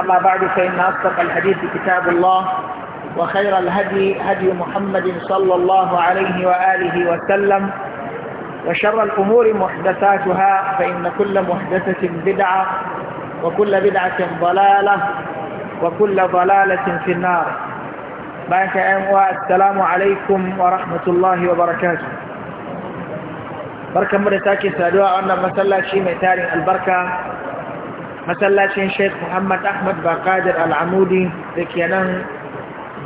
أما بعد فإن أصدق الحديث كتاب الله وخير الهدي هدي محمد صلى الله عليه وآله وسلم وشر الأمور محدثاتها فإن كل محدثة بدعة وكل بدعة ضلالة وكل ضلالة في النار بارك السلام عليكم ورحمة الله وبركاته بركة مرتاكي سادوا أن مسلا شيء متاري البركة masallacin sheikh muhammad ahmad bakadir al'amudi da ke nan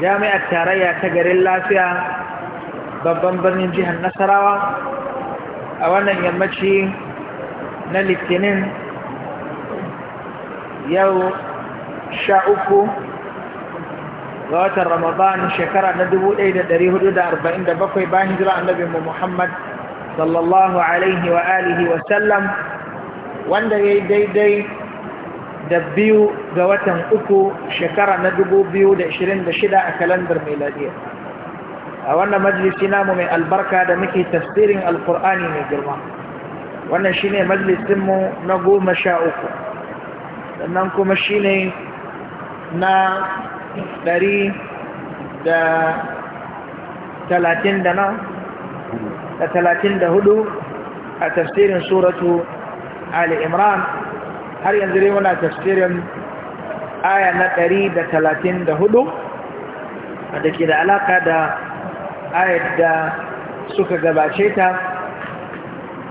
jami'ar tarayya ta garin lafiya babban birnin jihar nasarawa a wannan yammaci na litinin yau sha uku ga watan ramadan shekara na 1447 bayan hijira annabi muhammad sallallahu alaihi wa alihi wasallam wanda ya yi daidai da biyu ga watan uku shekara na dubu biyu da ishirin da shida a kalandar miladiya a wannan majalisi namu mai albarka da muke tafsirin alkur'ani mai girma wannan shine majalisinmu na goma sha uku sannan kuma shine na ɗari da talatin da na da talatin da hudu a tafsirin suratu ali imran har yanzu dai muna tafsirin aya na ɗari da talatin da hudu da ke da alaƙa da ayat da suka gabace ta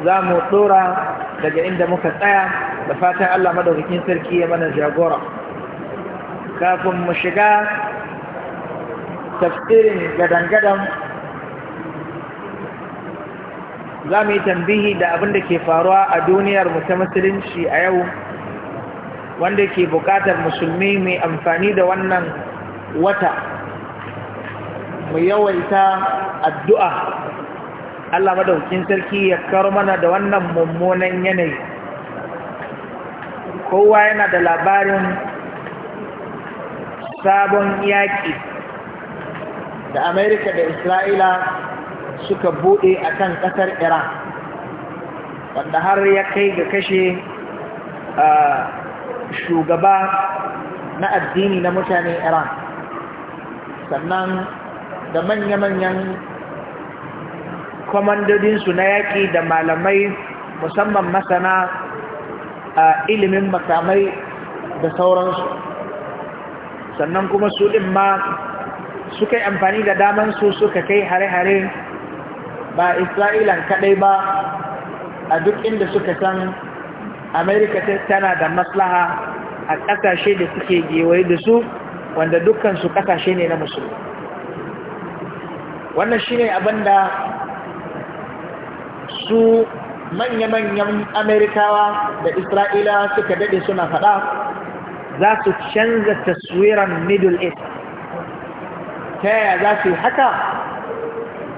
za mu ɗora daga inda muka tsaya da fatan Allah madaukakin sarki ya mana jagora kafin mu shiga tafsirin gadangadan za mu yi tambihi da abin da ke faruwa a duniyar mu ta musulunci a yau wanda ke buƙatar musulmi mai amfani da wannan wata mu yawaita addu'a Allah madaukin sarki ya karo mana da wannan mummunan yanayi kowa yana da labarin sabon yaƙi da Amerika da Isra'ila suka buɗe a kan ƙasar Iran wanda har ya kai ga kashe ah, shugaba na addini na mutane iran sannan da manya-manyan kwamandodinsu na yaƙi da malamai musamman masana a ilimin makamai da sauransu sannan kuma su ɗin ma suka yi amfani da daman su suka kai hare-hare ba isra'ilan kaɗai ba a duk inda suka san amerika tana da maslaha a ƙasashe da suke gewaye da su wanda dukansu ƙasashe ne na musulmi wannan shi ne abinda su manya-manyan amerikawa da isra'ila suka daɗe suna faɗa za su canza taswiran middle east ta yaya za su yi haka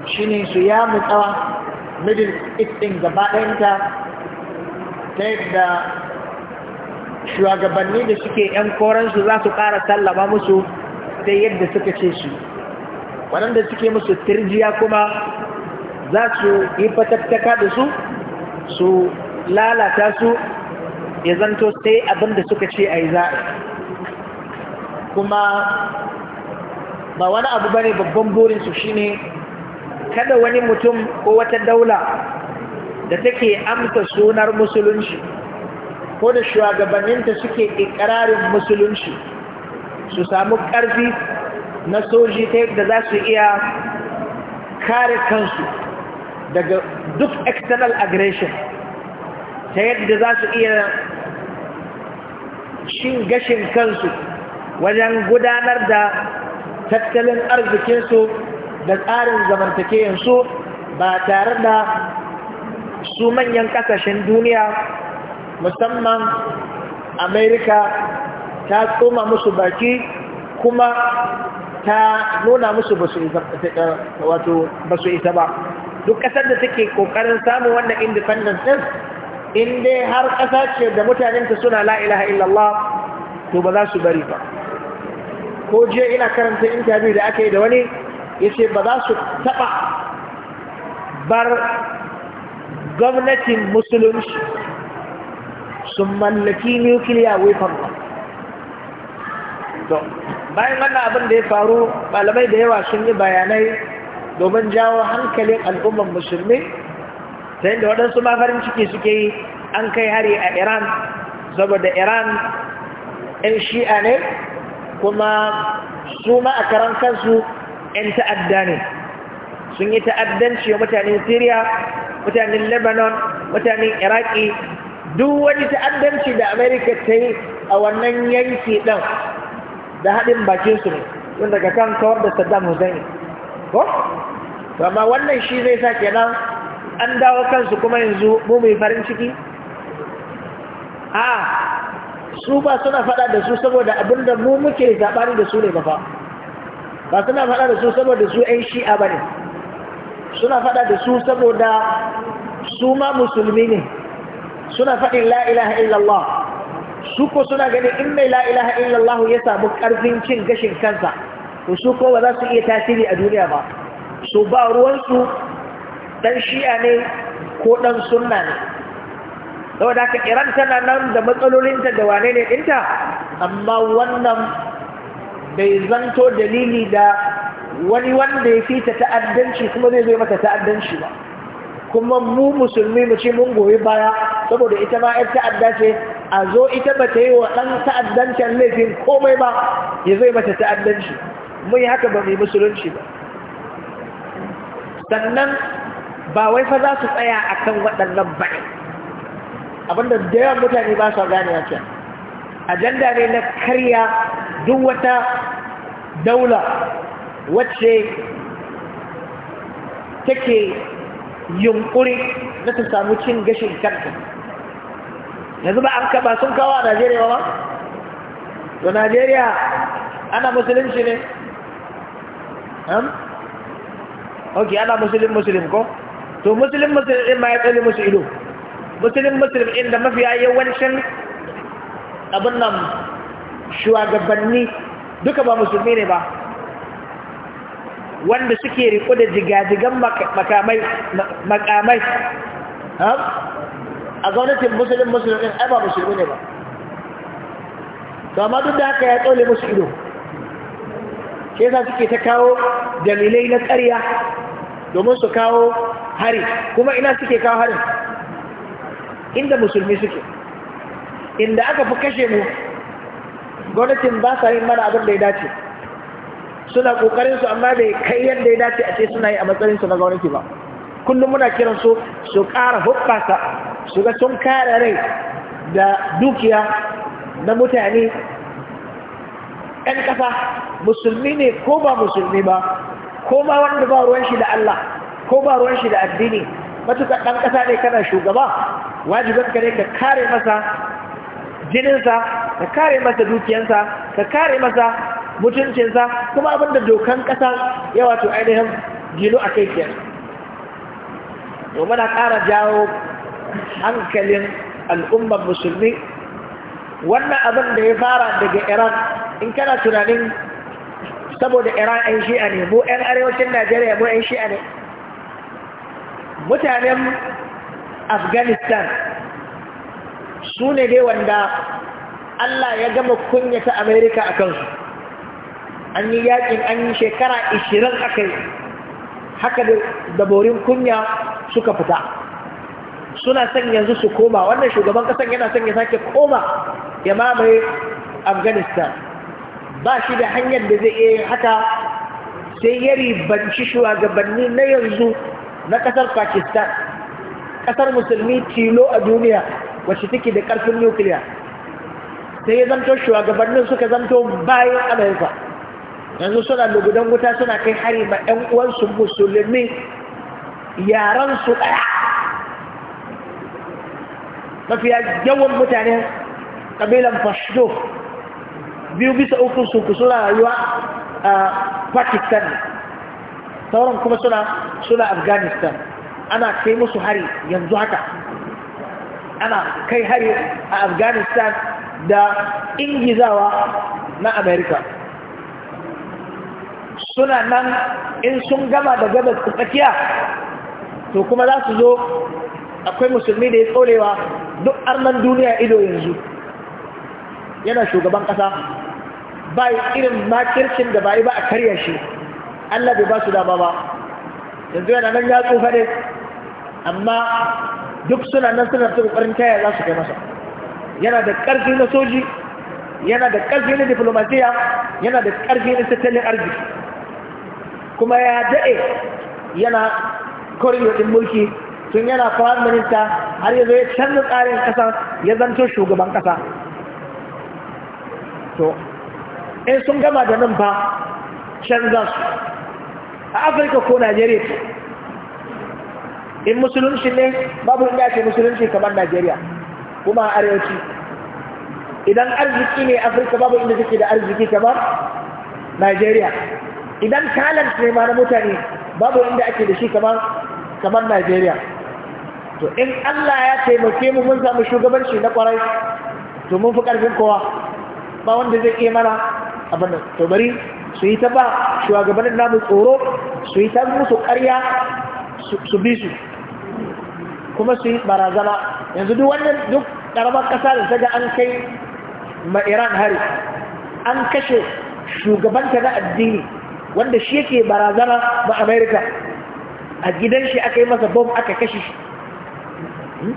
shi ne su ya mutsawa middle east ɗin gaba ɗayanta ta yadda shugabanni da suke ‘yan koransu za su ƙara tallaba musu ta yadda suka ce su waɗanda suke musu tirjiya kuma za su yi fatattaka da su su lalata su ya zanto sai abinda suka ce a yi za'a kuma ba wani abu bane babban burinsu shine kada wani mutum ko wata daula da take amsa sunar musulunci ko da shugabanninta suke ikirarin musulunci su samu ƙarfi na soji ta yadda za su iya kare kansu daga duk external aggression ta yadda za su iya shin gashin kansu wajen gudanar da tattalin arzikinsu da tsarin zamantakeyansu ba tare da su manyan kasashen duniya musamman amerika ta tsoma musu baki kuma ta nuna musu basu isa ba duk kasar da take kokarin samun wannan independence din in dai har kasa ce da mutanenta suna la illallah to ba za su bari ba ko je ina karanta interview da aka yi da wani ya ce ba za su taba bar gwamnatin musulunci sun mallaki nukiliya wefan ba to bayan wannan abin da ya faru malamai da yawa sun yi bayanai domin jawo hankalin al'ummar musulmi ta yadda waɗansu ma farin ciki suke yi an kai hari a iran saboda iran 'yan shi'a ne kuma su ma a karan kansu 'yan ta'adda ne sun yi ta'addanci wa mutanen Syria mutanen Lebanon mutanen Iraki duk wani ta'addanci da America ta yi a wannan yanki ɗan da haɗin bakin su ne tun daga kan kawar da Saddam Hussein ko amma wannan shi zai sa kenan an dawo kansu kuma yanzu mu mai farin ciki a su ba suna faɗa da su saboda abinda mu muke zaɓani da su ne ba fa ba suna faɗa da su saboda su 'yan shi'a ba ne suna faɗa da su saboda su ma musulmi ne suna faɗin la'ilaha illallah su ko suna ganin in mai la'ilaha illallah ya samu ƙarfin cin gashin kansa ko su ko ba za su iya tasiri a duniya ba su ba ruwansu ɗan shi'a ne ko ɗan sunna ne saboda haka iran tana nan da matsalolinta da wane ne ɗinta amma wannan bai zanto dalili da wani wanda ya fita ta'addanci kuma zai zai mata ta'addanci ba kuma mu musulmi mu ce mun goyi baya saboda ita ma yar ta'adda ce a zo ita ba ta yi wa ɗan ta'addancin laifin komai ba ya zai mata ta'addanci mun yi haka ba mai musulunci ba sannan ba wai fa za su tsaya a kan waɗannan ba abinda da yawan mutane ba su gane a can ajanda ne na karya duk wata daula wacce take yunkuri na ta samu cin gashin karta. yanzu ba an kaba sun kawo a najeriya ba to najeriya ana musulunci ne ok ana musulun musulun ko to musulun musulun ɗin ma ya tsali musu ido musulun musulun ɗin da mafiya yawancin abin nan shugabanni duka ba musulmi ne ba wanda suke riko da jigajigan makamai makamai a gwamnatin musulun musulun ɗin ai ba musulmi ne ba to amma duk da haka ya tsole musu ido ke sa suke ta kawo dalilai na ƙarya domin su kawo hari kuma ina suke kawo harin inda musulmi suke inda aka fi kashe mu gwamnatin ba sa yin mana abin da ya dace suna kokarin su amma bai kai yadda ya dace a ce suna yi a matsayin su na gwamnati ba kullum muna kiran su su ƙara hukasa su ga sun kare rai da dukiya na mutane ɗan ƙasa musulmi ne ko ba musulmi ba ko ba wanda ba ruwan shi da Allah ko ba ruwan shi da addini matuƙar ɗan ƙasa ne kana shugaba wajibin ka ne ka kare masa jininsa ka kare masa dukiyansa ka kare masa mutuncinsa kuma abin da dokan ƙasa ya wato ainihin gino a kai kenan domin a ƙara jawo hankalin al'ummar musulmi wannan abin da ya fara daga iran in kana tunanin saboda iran 'yan shi'a ne mu 'yan arewacin najeriya mu 'yan shi'a ne mutanen afghanistan su ne dai wanda allah ya gama kunyata amerika a kansu an yi yakin an yi shekara ishirin aka yi haka da borin kunya suka fita suna son yanzu su koma wannan shugaban kasan yana son ya sake koma ya mamaye afghanistan ba shi da hanyar da zai iya haka sai ya ribanci shugabanni na yanzu na kasar pakistan kasar musulmi tilo a duniya wacce take da karfin nukiliya sai ya zanto shugabannin suka zanto bayan amurka yanzu suna lugudan wuta suna kai hari ma 'yan uwansu musulmi yaransu ɗaya mafiya yawan mutane ƙabilan fashdo biyu bisa uku su suna rayuwa a pakistan sauran kuma suna afghanistan ana kai musu hari yanzu haka ana kai hari a afghanistan da ingizawa na amerika suna nan in sun gama da gabas su tsakiya to kuma za su zo akwai musulmi da ya tsolewa duk arnan duniya ido yanzu yana shugaban ƙasa ba irin makircin da ba yi ba a karya shi Allah bai ba su dama ba yanzu yana nan ya tsufa ne amma duk suna nan suna ta kokarin taya za su kai masa yana da ƙarfi na soji yana da ƙarfi na diplomatiya yana da ƙarfi na tattalin arziki kuma ya daɗe yana koriyo din mulki tun yana firayim minista har yanzu ya canza tsarin ƙasa ya zanto shugaban ƙasa to in sun gama da nan ba canza su a afirka ko najeriya in musulunci ne babu inda ake musulunci kamar najeriya kuma a arewaci idan arziki ne afirka babu inda take da arziki kamar najeriya idan talent ne ma na mutane babu inda ake da shi kamar kamar Najeriya to in Allah ya taimake mu mun samu shugabanci na kwarai to mun fi karfin kowa ba wanda zai iya mana abin nan to bari su yi ta ba shugabannin namu tsoro su yi ta musu ƙarya su bi su kuma su yi barazana yanzu duk wannan duk ƙaramar ƙasa da ta ga an kai ma Iran hari an kashe shugabanta na addini wanda shi yake barazana ma amerika a gidan shi aka yi masa bom aka kashe shi hmm?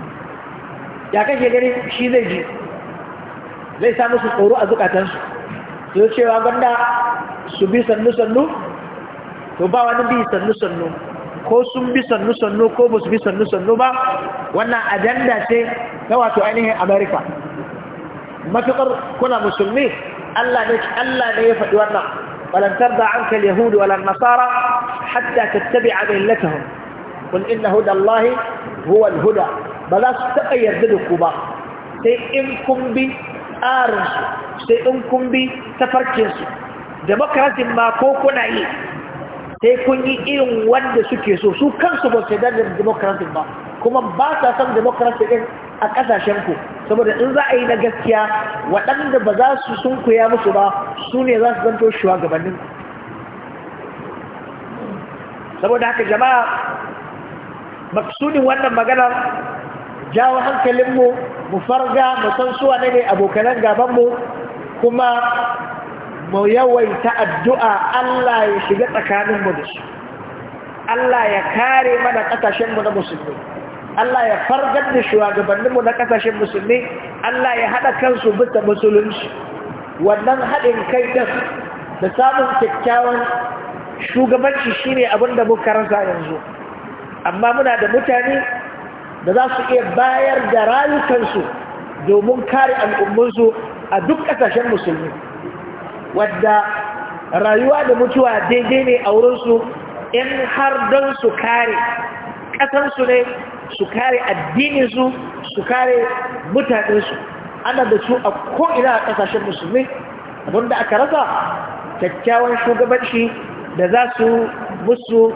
ya kashe gani shi zai ji zai samu su tsoro a zukatansu su cewa gwanda su bi sannu-sannu to ba wani bi sannu-sannu ko sun bi sannu-sannu ko ba su bi sannu-sannu ba wannan ajanda ce ta wato ainihin amerika matuƙar kuna musulmi allah ne ya faɗi wannan ولن ترضى عنك اليهود ولا النصارى حتى تتبع ملتهم قل إن هدى الله هو الهدى بلا ستبقى يرددك با سيئنكم آرنس سيئنكم بتفركنسو demokrasi ma ko kuna yi sai kun yi irin wanda suke so su kansu kuma ba sa son democracy din a kasashen ku saboda in za a yi na gaskiya waɗanda ba za su sunkuya musu ba su ne za su zanto shugabannin saboda haka jama'a maksudin wannan magana jawo hankalinmu mu farga mu san suwa ne ne abokanan gabanmu kuma mu yawaita addu'a Allah ya shiga tsakaninmu da su Allah ya kare mana ƙasashenmu na musulmi Allah ya fargar da shugabanninmu na kasashen musulmi Allah ya haɗa kansu bisa musulunci wannan haɗin kai ɗin da samun kyakkyawan shugabanci shine abin da muka rasa yanzu amma muna da mutane da za su iya bayar da rayukansu domin kare al'ummunsu a duk ƙasashen musulmi wadda rayuwa da mutuwa daidai ne a wurinsu in har don su kare ƙasansu ne su kare addininsu su kare mutanensu ana da su a ko'ina a ƙasashen musulmi da aka rasa kyakkyawan shugabanci da za su musu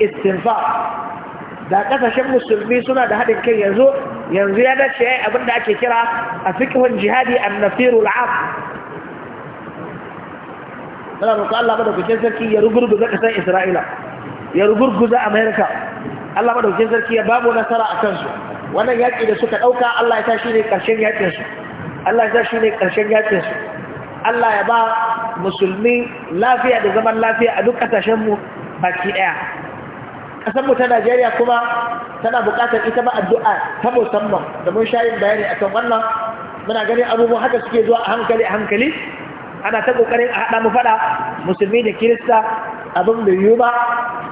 istinfa da ƙasashen musulmi suna da haɗin kai yanzu yanzu ya dace ya yi abinda ake kira a fikihun jihadi an nafiru al'af muna roƙo Allah sarki ya rugurguza ƙasar Isra'ila ya rugurguza Amerika Allah madaukin sarki ya babu nasara a kansu wannan yaƙi da suka ɗauka Allah ya sa shi ne ƙarshen yaƙinsu Allah ya sa shi ne ƙarshen yaƙinsu Allah ya ba musulmi lafiya da zaman lafiya a duk ƙasashenmu baki ɗaya ƙasarmu ta Najeriya kuma tana buƙatar ita ba addu'a ta musamman da mun sha yin bayani akan wannan muna ganin abubuwan haka suke zuwa a hankali a hankali ana ta ƙoƙarin a haɗa mu faɗa musulmi da kirista abin da yiwu ba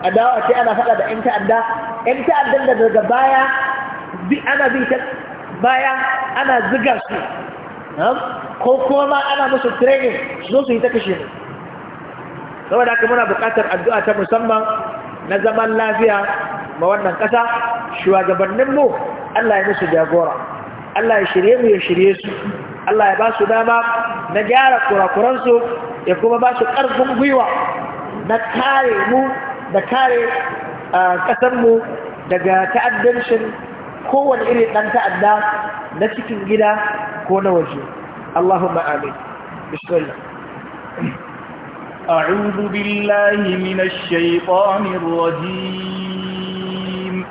a dawo a ce ana faɗa da 'yan ta'adda 'yan ta'addan da daga baya ana bi ta baya ana ziga su ko kuma ma ana musu training zo su yi ta kashe mu saboda haka muna buƙatar addu'a ta musamman na zaman lafiya ma wannan ƙasa shugabanninmu Allah ya musu jagora Allah ya shirye mu ya shirye su Allah ya ba su dama na gyara kurakuransu ya kuma ba su ƙarfin gwiwa na kare mu da kare ƙasarmu daga ta'addancin kowane irin ɗan ta'adda na cikin gida ko na waje Allahumma amin bismillah أعوذ بالله من الشيطان الرجيم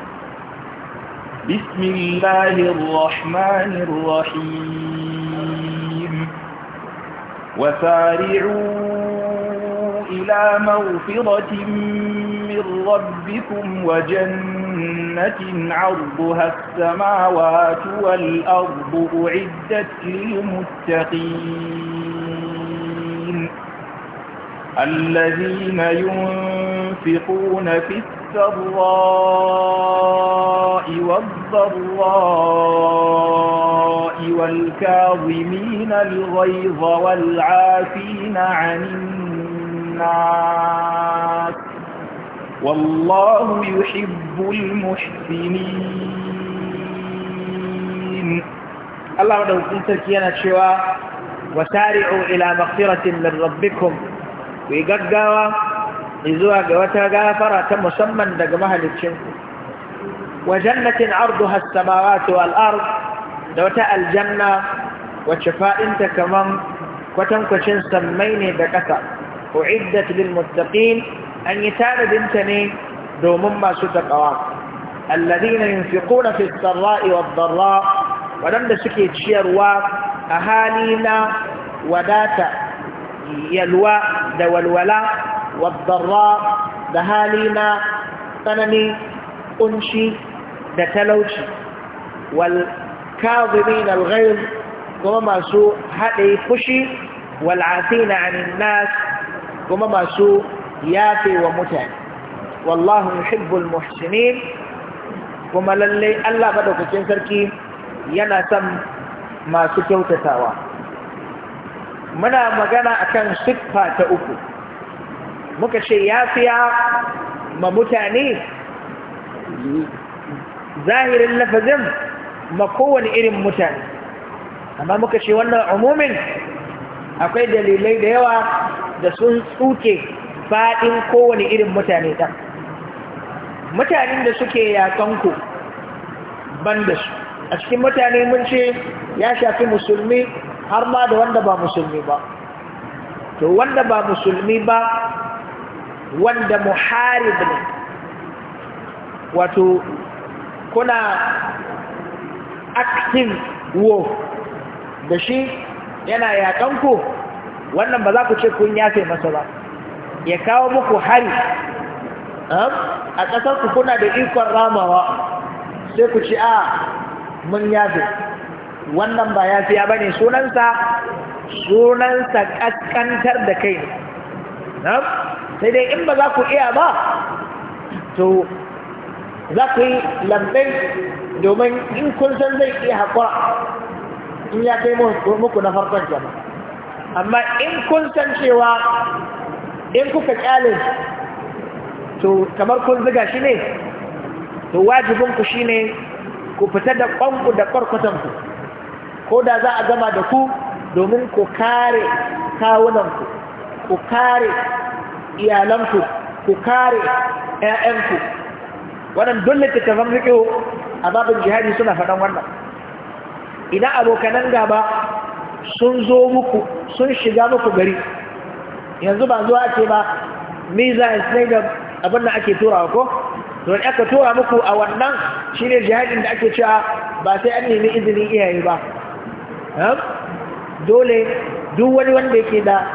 بسم الله الرحمن الرحيم وسارعوا إلى مغفرة من ربكم وجنة عرضها السماوات والأرض أعدت للمتقين الذين ينفقون في السراء والضراء والكاظمين الغيظ والعافين عن الناس والله يحب المحسنين الله مدعوكم تركينا شواء وسارعوا إلى مغفرة من ربكم ku yi gaggawa zuwa ga wata gafara ta musamman daga mahalicinku wa jannatin arduha as-samawati wal ard da wata aljanna wacce fa'inta kaman kwatankwacin sammai ne da ƙasa uiddat lil muttaqin an yi tanadinta ne domin masu taqwa alladhina yunfiquna fi as-sarra'i wad-dharra wadanda suke ciyarwa a hali na wadata yalwa da walwala wadda da hali na tsanani kunshi da talauci wal kazimin al-ghayr kuma masu haɗe fushi wal asina anin kuma masu yafe wa mutane wallahu yuhibbul muhsinin kuma lalle Allah maɗaukacin sarki yana son masu kyautatawa muna magana akan siffa ta uku muka ce ya fiya ma mutane zahirin lafazin ma kowane irin mutane amma muka ce wannan umumin akwai dalilai da yawa da sun tsuke faɗin kowane irin mutane ɗan mutanen da suke yakanku ban da su a cikin mutane mun ce ya shafi musulmi har ma da wanda ba musulmi ba to wanda ba musulmi ba wanda muharib ne wato kuna active wo da shi yana yaƙanku wannan ba za ku ce kun yafe masa ba ya kawo muku hari eh, a ƙasarku kuna da ikon ramawa sai ku ci a ah, mun yafe wannan ba ya fiya ne sunansa sunansa ƙasƙantar da kai ne sai dai in ba za ku iya ba to za ku yi lambai domin in kun san zai iya haƙura in ya kai muku na farkon jama amma in kun san cewa in kuka ƙyale to kamar kun ziga shi ne to wajibinku shi ne ku fita da ƙwanku da ƙwarkwatanku ko da za a gama da ku domin ku kare kawunanku ku kare iyalanku ku kare ‘ya'yanku wannan dole ta tafan riƙewa a babin jihadi suna faɗan wannan idan abokanan gaba sun zo muku sun shiga muku gari yanzu ba zuwa ce ba miza ne da abin da ake turawa ko don aka tura muku a wannan shi ne jihadin da ake cewa ba sai an nemi izinin iyaye ba dole duk wani wanda yake da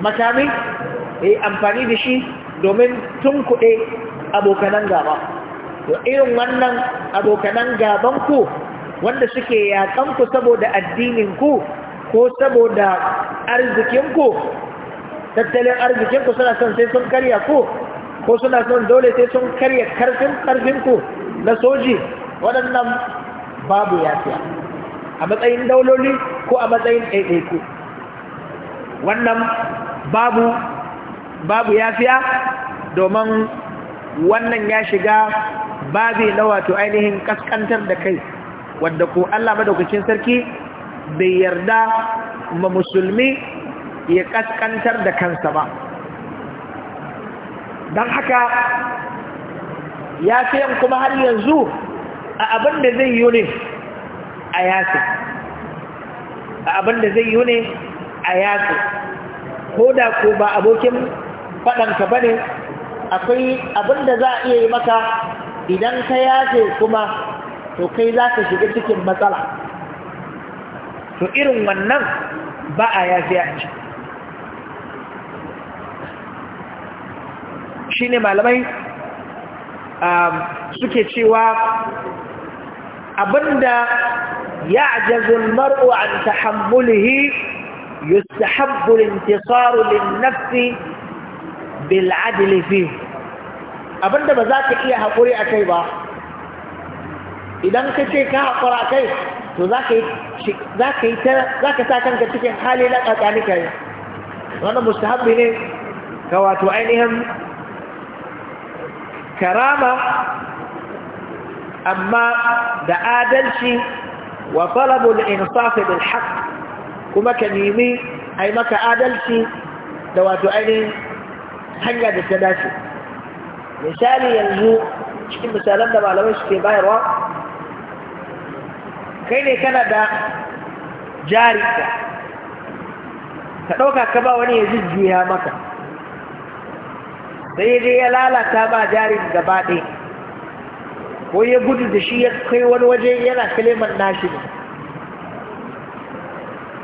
makami ya yi amfani da shi domin tun kuɗe abokanan gaba to irin wannan abokanan gabanku, wanda suke yaƙanku ku saboda addinin ku ko saboda arzikin tattalin arzikin suna son sai sun karya ku ko suna son dole sai sun karya karfin karfin na soji waɗannan babu yafiya a matsayin dauloli ko a matsayin ɗaiɗaiku wannan babu babu yafiya domin wannan ya shiga babi na wato ainihin kaskantar da kai wadda ko Allah madaukakin sarki bai yarda ma musulmi ya kaskantar da kansa ba don haka ya kuma har yanzu a abin da zai yi ne a yasu abin zai yi ne a yasu ko da ko ba abokin faɗanka ba ne akwai abin da za a iya yi maka idan ka yafe kuma to kai za ka shiga cikin matsala to irin wannan ba a yace a ci shi ne malamai um, suke cewa abinda يعجز المرء عن تحمله يستحب الانتصار للنفس بالعدل فيه abinda ba za ka iya haƙuri a kai ba idan ka ce ka haƙura a kai to za ka sa kanka cikin hali na ƙaƙani yi wanda mustahabbi ne ka wato ainihin karama amma da adalci wa talabul insaf bil haqq kuma kanimi ai maka adalci da wato ainihin hanya da ta dace misali yanzu cikin misalan da malamai suke bayarwa kai ne kana da jari ka ɗauka ka ba wani ya jujjuya maka sai dai ya lalata ba jarin gaba ɗaya ko ya gudu da shi ya kai wani waje yana kalimar nashi ne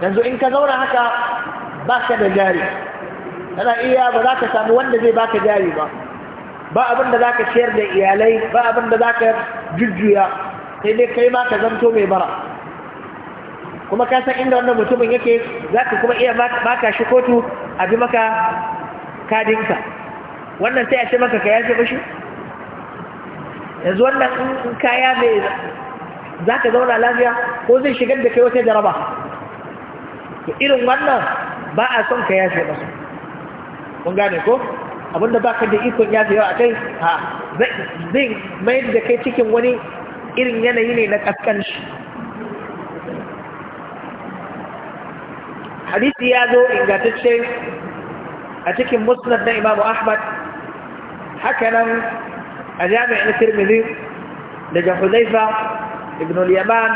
yanzu in ka zauna haka ba ka da jari Tana iya ba za ka samu wanda zai baka jari ba ba abin da za ka ciyar da iyalai ba abin da za ka jujjuya sai dai kai ma ka zanto mai bara kuma ka san inda wannan mutumin yake za ka kuma iya baka shi kotu a bi maka kadinka wannan sai a ce maka ka yafe mashi yanzu wannan in kaya mai za ka zauna lafiya ko zai shigar da kai wata jaraba to irin wannan ba a son ka yafe masu kun gane ko abinda ba ka da ikon yafe yawa a kai ha zai mayar da kai cikin wani irin yanayi ne na kaskanci hadisi ya zo ingantacce a cikin musulun na imamu ahmad hakanan الجامع الترمذي لجا حذيفة ابن اليمان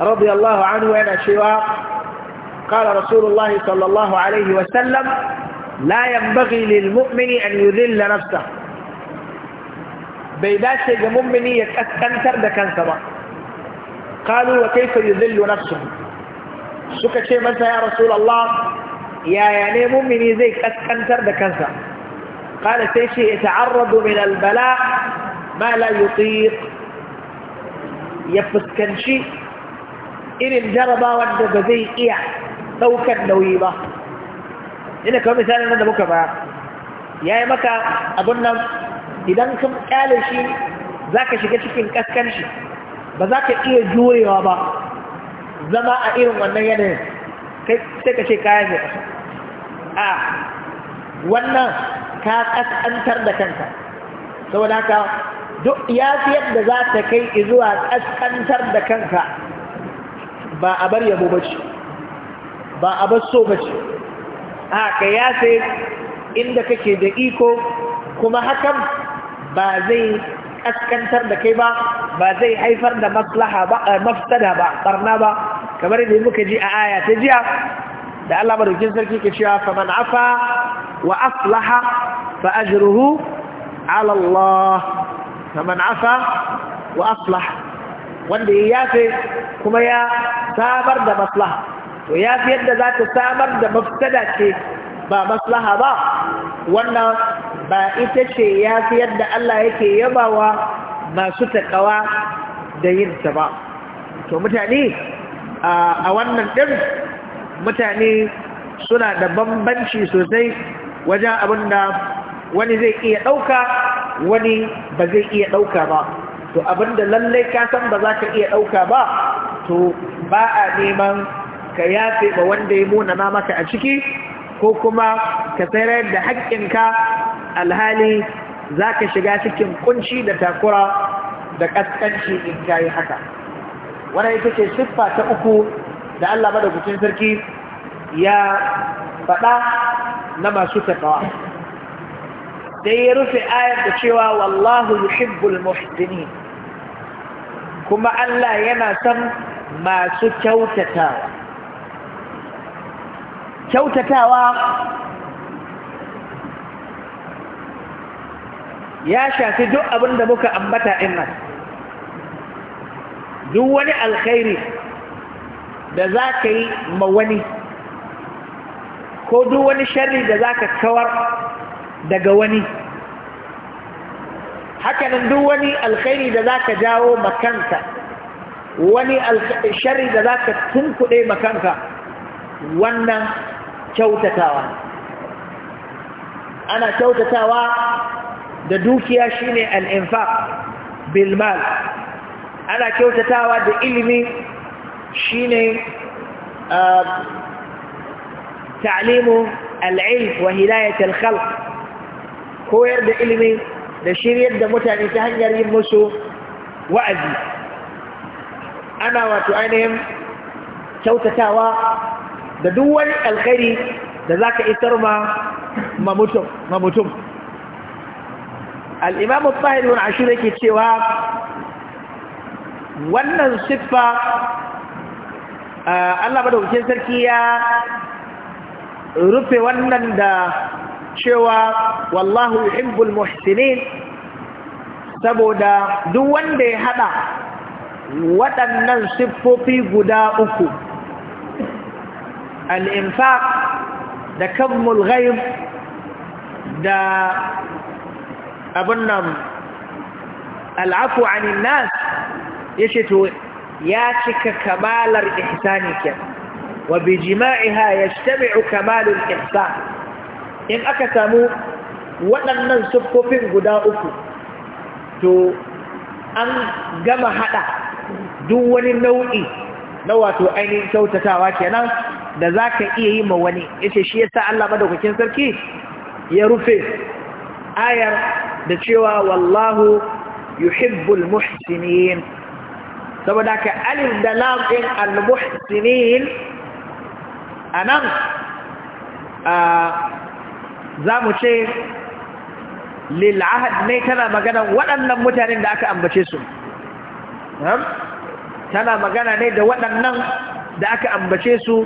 رضي الله عنه وعن الشواء قال رسول الله صلى الله عليه وسلم لا ينبغي للمؤمن أن يذل نفسه بيداش مؤمني يتأثنتر كان سبا قالوا وكيف يذل نفسه سكة شيء مثلا يا رسول الله يا يعني مؤمني زي أثنتر كان سبا قال سيشي يتعرض من البلاء ما لا يطيق يفسكنشي إن da وانت بزي إيع ɗaukan nauyi ba ina kawai misalin nan da muka ba ya yi maka abun nan idan ka kyale shi za ka shiga cikin kaskan shi ba za ka iya jurewa ba zama a irin wannan yanayin sai ka a wannan ka ƙasƙantar da kanka saboda haka duk fi yadda za ta kai zuwa ƙasƙantar da kanka ba a bar yabo ce ba a bar so ce a ya yafe inda kake da iko kuma hakan ba zai ƙasƙantar da kai ba ba zai haifar da maslaha ba eh, mafsada ba barna ba kamar da muka ji a aya ta jiya da Allah madaukin sarki ke cewa fa man afa wa aslaha fa ajruhu ala Allah fa man afa wa aslaha wanda ya yafe kuma ya samar da maslaha to yafi yadda za ta samar da mafsada ce ba maslaha ba wannan ba ita ce yafi yadda Allah yake yabawa masu takawa da yin ta ba to mutane a wannan ɗin. mutane suna da bambanci sosai wajen abin da wani zai iya ɗauka wani ba zai iya ɗauka ba to abin da lallai ka san ba za ka iya ɗauka ba to ba a neman ka yafe ba wanda ya munana maka a ciki ko kuma ka sayar da haƙƙinka alhali za ka shiga cikin kunci da takura da ƙasƙanci in ka yi haka wadda ita ce siffa ta uku da Allah madaukakin sarki ya faɗa na masu taƙawa sai ya rufe ayar da cewa wallahu yuhibbul muhsinin kuma Allah yana son masu kyautatawa kyautatawa ya shafi duk abin da muka ambata inna duk wani alkhairi da za ka yi ma wani ko duk wani sharri da za ka kawar daga wani hakanan duk wani alkhairi da za ka jawo makanka wani sharri da za ka tunkuɗe makanka wannan kyautatawa ana kyautatawa da dukiya shine al'infaq bilmal ana kyautatawa da ilimi shine uh, ta'limu al-ilm wa hidayat al-khalq koyar da ilimi da shiryar da mutane ta hanyar yin musu wa'azi ana wato ainihin kyautatawa da duk wani alkhairi da zaka isar ma mutum ma mutum al-imam al ashir yake cewa wannan siffa Eh, Allah madaukakin sarki ya rufe wannan da cewa wallahu yuhibbul muhsinin saboda duk wanda ya hada waɗannan siffofi guda uku al-infaq da kammul ghaib da abun nan al'afu anin nas yace to ya cika kamalar ihsani kenan wa bi jima'iha yajtami'u kamalul ihsan in aka samu waɗannan siffofin guda uku to an gama haɗa duk wani nau'i na wato ainihin kyautatawa kenan da za ka iya yi ma wani yace shi yasa Allah madaukakin sarki ya rufe ayar da cewa wallahu yuhibbul muhsinin saboda ka alif da lam ɗin al-muhsinin a nan za mu ce lil'ahad ne tana magana waɗannan mutanen da aka ambace su tana magana ne da waɗannan da aka ambace su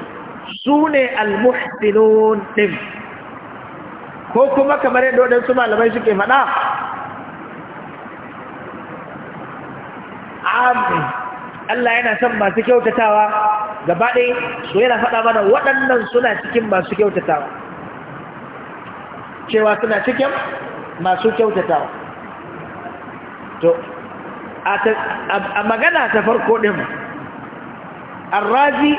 su ne al-muhsinun ɗin ko kuma kamar yadda waɗansu malamai suke faɗa amin Allah yana son masu kyautatawa gaba ɗaya so yana faɗa mana waɗannan suna cikin masu kyautatawa cewa suna cikin masu kyautatawa to a magana ta farko ɗin arrazi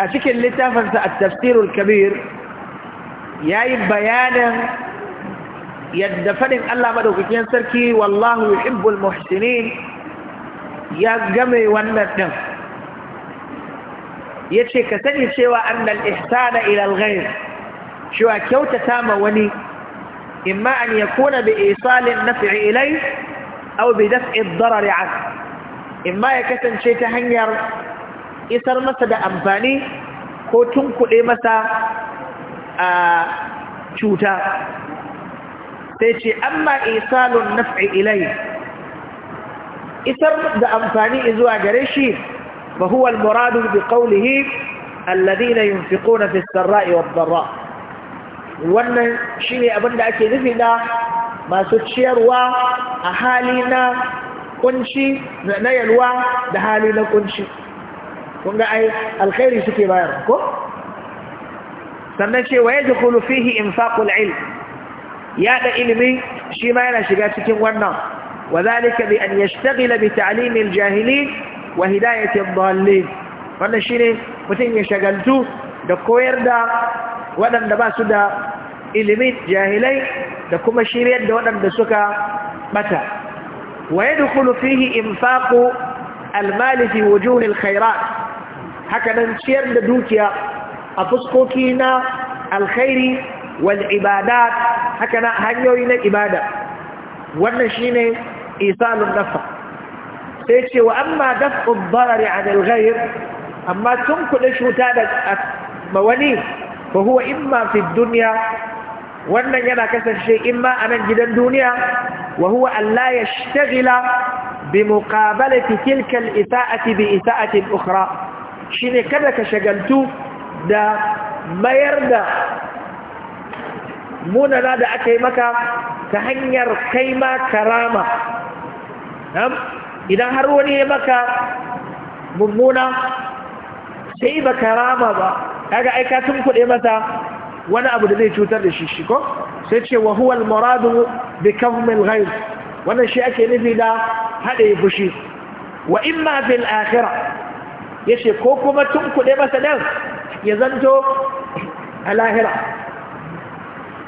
a cikin littafinsa a tafsirul kabir ya yi bayanin yadda faɗin Allah maɗaukakin sarki wallahu yuhibbul muhsinin ya game wannan ɗin ya ce ka sani cewa annal ihsana ilal ghair cewa kyautata ma wani imma an yakuna bi isalin naf'i ilai aw bi daf'i darari an imma ya kasance ta hanyar isar masa da amfani ko kuɗe masa a cuta sai ce amma isalun naf'i ilai isar da amfani zuwa gare shi fa huwa al-muradu bi qawlihi alladhina yunfiquna fi as-sarra'i wad-dharra wannan shine abinda ake nufi da masu ciyarwa a hali na kunci na yalwa da hali na kunci kun ga ai alkhairi suke bayar ko sannan ce wa yadkhulu fihi infaqul ilm ya da ilimi shi ma yana shiga cikin wannan وذلك بأن يشتغل بتعليم الجاهلين وهداية الضالين فأنا شيني متين يشغلتو دكوير دا ودن دباسو دا إلميت جاهلي دكوما شيريا دا ودن دسوكا متى ويدخل فيه إنفاق المال في وجوه الخيرات هكذا نشير لدوتيا أفسكو كينا الخير والعبادات هكذا هنيوين إبادة وأنا إيصال النفع سيشي وأما دفع الضرر عن الغير أما تنقل إيش متانا موني فهو إما في الدنيا وأن ينا كسر شيء إما أنا جدا دنيا وهو أن لا يشتغل بمقابلة تلك الإساءة بإساءة أخرى شيني كذا كشغلتو دا ما يرضى munana da aka yi maka ta hanyar kai ma karama idan har wani ya maka mummuna sai ba karama ba kaga ai ka tun kuɗe masa wani abu da zai cutar da shi shi ko sai ce wa huwa al-muradu bi kafmil ghayb wannan shi ake nufi da hade fushi wa imma fil akhirah yace ko kuma tun kuɗe masa dan ya zanto a lahira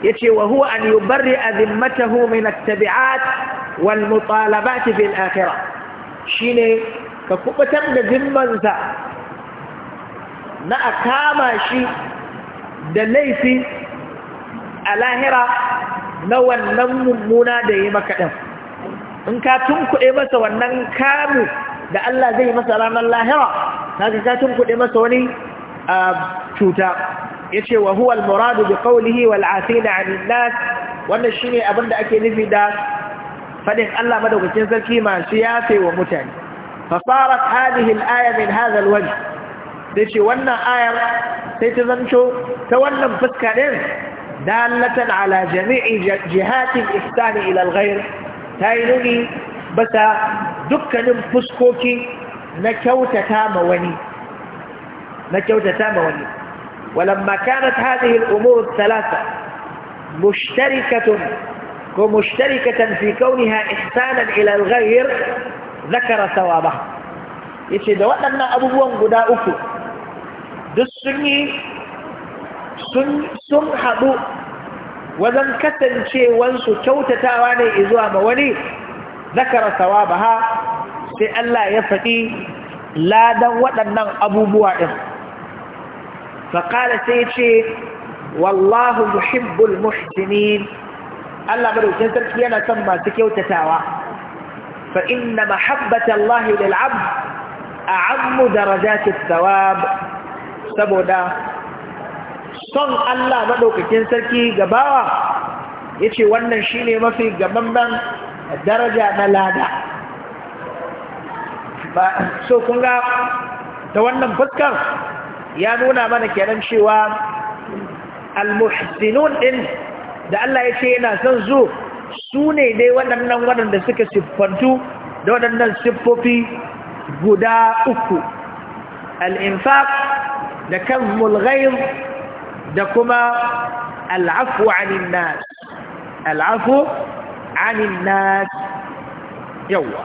yace wa huwa an yubarri'a zimmatahu min at-tabi'at wal mutalabat fil akhirah shine ka kubutar da zimmansa na akama shi da laifi a lahira na wannan mummuna da yi maka in ka tunkuɗe masa wannan kamu da Allah zai masa ranar lahira na ka tunkuɗe masa wani ah, cuta yace wa huwa al-muradu bi qawlihi wal afina 'anil nas wannan shine abin da ake nufi da fadin Allah madaukakin sarki masu yafe wa mutane fa sarat hadhihi al-aya min hadha al-wajh dace wannan ayar sai ta zanto ta wannan fuska din dalatan ala jami'i jihati al-ihsan ila al-ghayr tayyuni basa dukkanin fuskoki na kyautata ma wani na kyautata ma wani ولما كانت هذه الأمور الثلاثة مشتركة ومشتركة في كونها إحسانا إلى الغير ذكر ثوابها يشي دوانا من أبو بوان قداء أكو دسني سن سن حبو وذن كتن شيء وانسو كوتة تاواني إذوها موني ذكر ثوابها سألا يفتي لا دوانا من أبو بوان faƙala sai ce wallahu muhibbul muhsinin Allah madaukin sarki yana son masu kyautatawa fa inna mahabbata Allah lil abd a'ammu darajati thawab saboda son Allah madaukakin sarki ga bawa yace wannan shine mafi gamamman daraja na lada ba so kun ga ta wannan fuskar ya nuna mana kenan cewa almuhsinun din da Allah ya ce yana son zo su ne dai waɗannan waɗanda suka siffantu da waɗannan siffofi guda uku al'infaq da kan mulgayim da kuma al'afu anin nas al'afu anin nas yawa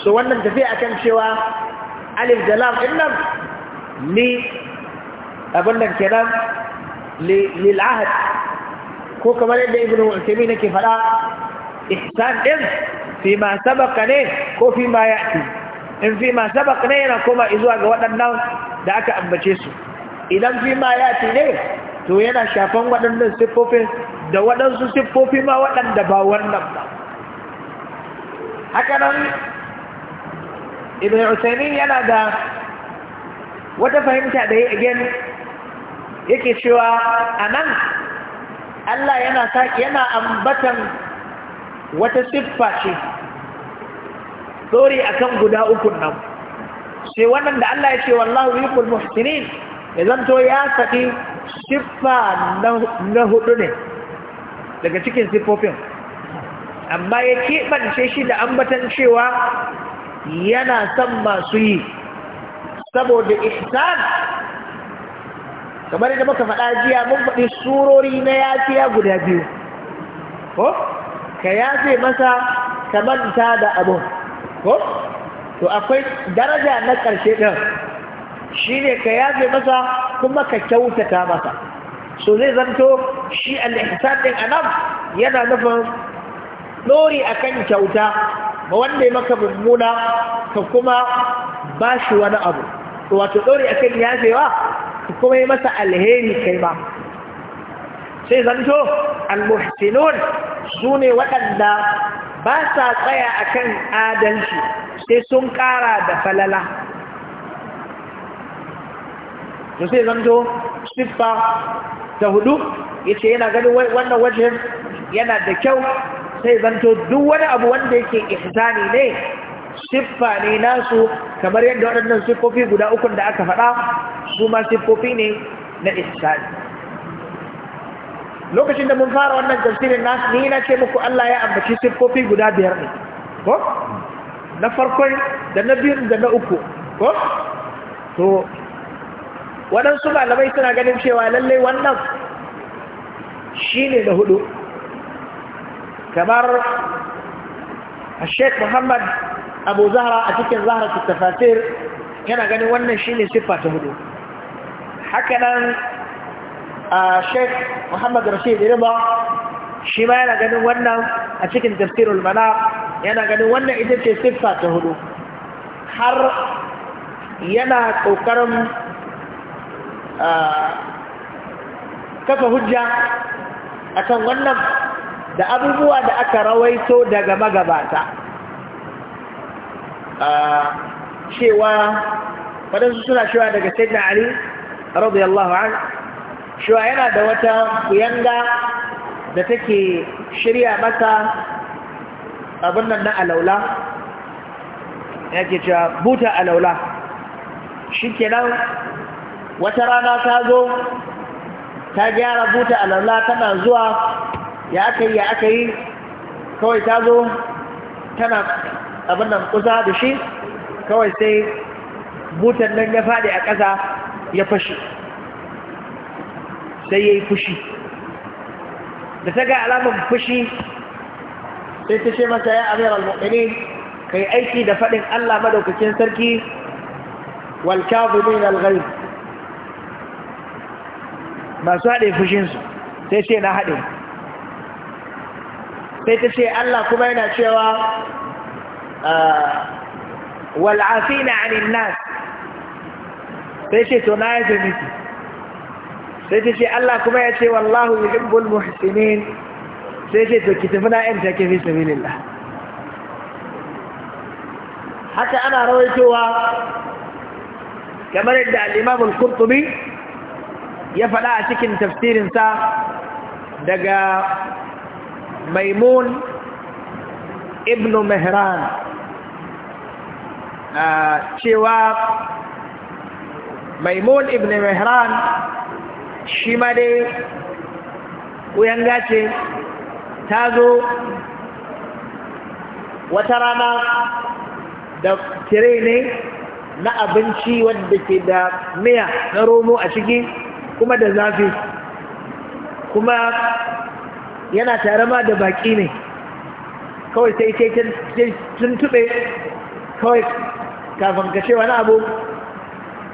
so wannan tafiya akan cewa alif da lam ɗin nan ni abin nan kenan lil'ahad ko kamar yadda ibn al-usaymi nake faɗa ihsan din fi ma sabaka ne ko fi ma ya'ti in fi ma sabaka ne yana koma zuwa ga waɗannan da aka ambace su idan fi ma ya'ti ne to yana shafan waɗannan siffofin da waɗansu siffofi ma waɗanda ba wannan ba haka nan ibn al-usaymi yana da wata fahimta da ya again yake cewa a nan Allah yana yana ambatan wata siffa ce dori akan guda ukun nan sai wannan da Allah ya ce wallahu yuhibbul muhsinin ya zanto ya saki siffa na hudu ne daga cikin siffofin amma ya keɓance shi da ambatan cewa yana son masu yi saboda ihsan kamar da muka faɗa jiya mun faɗi surori na yafiya guda biyu ko ka yafe masa ka manta da abun ko to akwai daraja na ƙarshe ɗin shi ne ka yafe masa kuma ka kyautata masa so zai zanto shi al'ihsan ɗin anan yana nufin lori a kan kyauta ma wanda ya maka mummuna ka kuma ba shi wani abu wato ɗori a kan yafewa kuma yi masa alheri kai ba sai zanto al-muhsinun su ne waɗanda ba sa tsaya kan adalci sai sun ƙara da falala to sai zanto siffa ta hudu ce yana ganin wannan wajen yana da kyau sai zanto duk wani abu wanda yake ihsani ne siffa ne nasu kamar yadda waɗannan siffofi guda ukun da aka faɗa su siffofi ne na ihsani lokacin da mun fara wannan tafsirin na ni na ce muku Allah ya ambaci siffofi guda biyar ne ko na farkon da na biyun da na uku ko to waɗansu malamai suna ganin cewa lallai wannan shi ne na hudu kamar Sheikh Muhammad Abu Zahra a cikin Zahra Tafasir yana ganin wannan shine siffa ta hudu hakanan a sheik muhammad rashid riba shi ma yana ganin wannan a cikin tafsirul mana yana ganin wannan ita ce siffa ta hudu har yana ƙoƙarin kafa hujja akan wannan da abubuwa da aka rawaito daga magabata cewa waɗansu suna cewa daga sayyidina ali radiyallahu anhu cewa yana da wata kuyanga da take shirya masa abin nan na alaula yake cewa buta alaula Shikenan wata rana ta zo ta gyara buta alaula tana zuwa ya aka yi ya aka yi kawai ta zo tana abin nan kusa da shi kawai sai butan nan ya faɗi a ƙasa ya fashe sai ya yi fushi da ta ga alamar fushi sai ta ce masa ya amir al-mu'mini ka yi aiki da faɗin Allah madaukakin sarki walkazumin al-ghaib masu haɗe fushinsu sai ce na haɗe sai ta ce Allah kuma yana cewa ah, wal'afina anin nas sai ce to na yafe miki sai ce Allah kuma ya ce wallahu yuhibbul muhsinin sai ce to ki tafi na yan take fi sabilillah haka ana rawaitowa kamar yadda al-Imam al-Qurtubi ya faɗa a cikin tafsirinsa daga Maimun ibn Mihran cewa maimun ibn mihran shi ma dai kuyanga ce ta zo wata rana da tire ne na abinci wadda ke da miya na romo a ciki kuma da zafi kuma yana tare ma da baki ne kawai sai ce tuntube kawai kafin kashe wani abu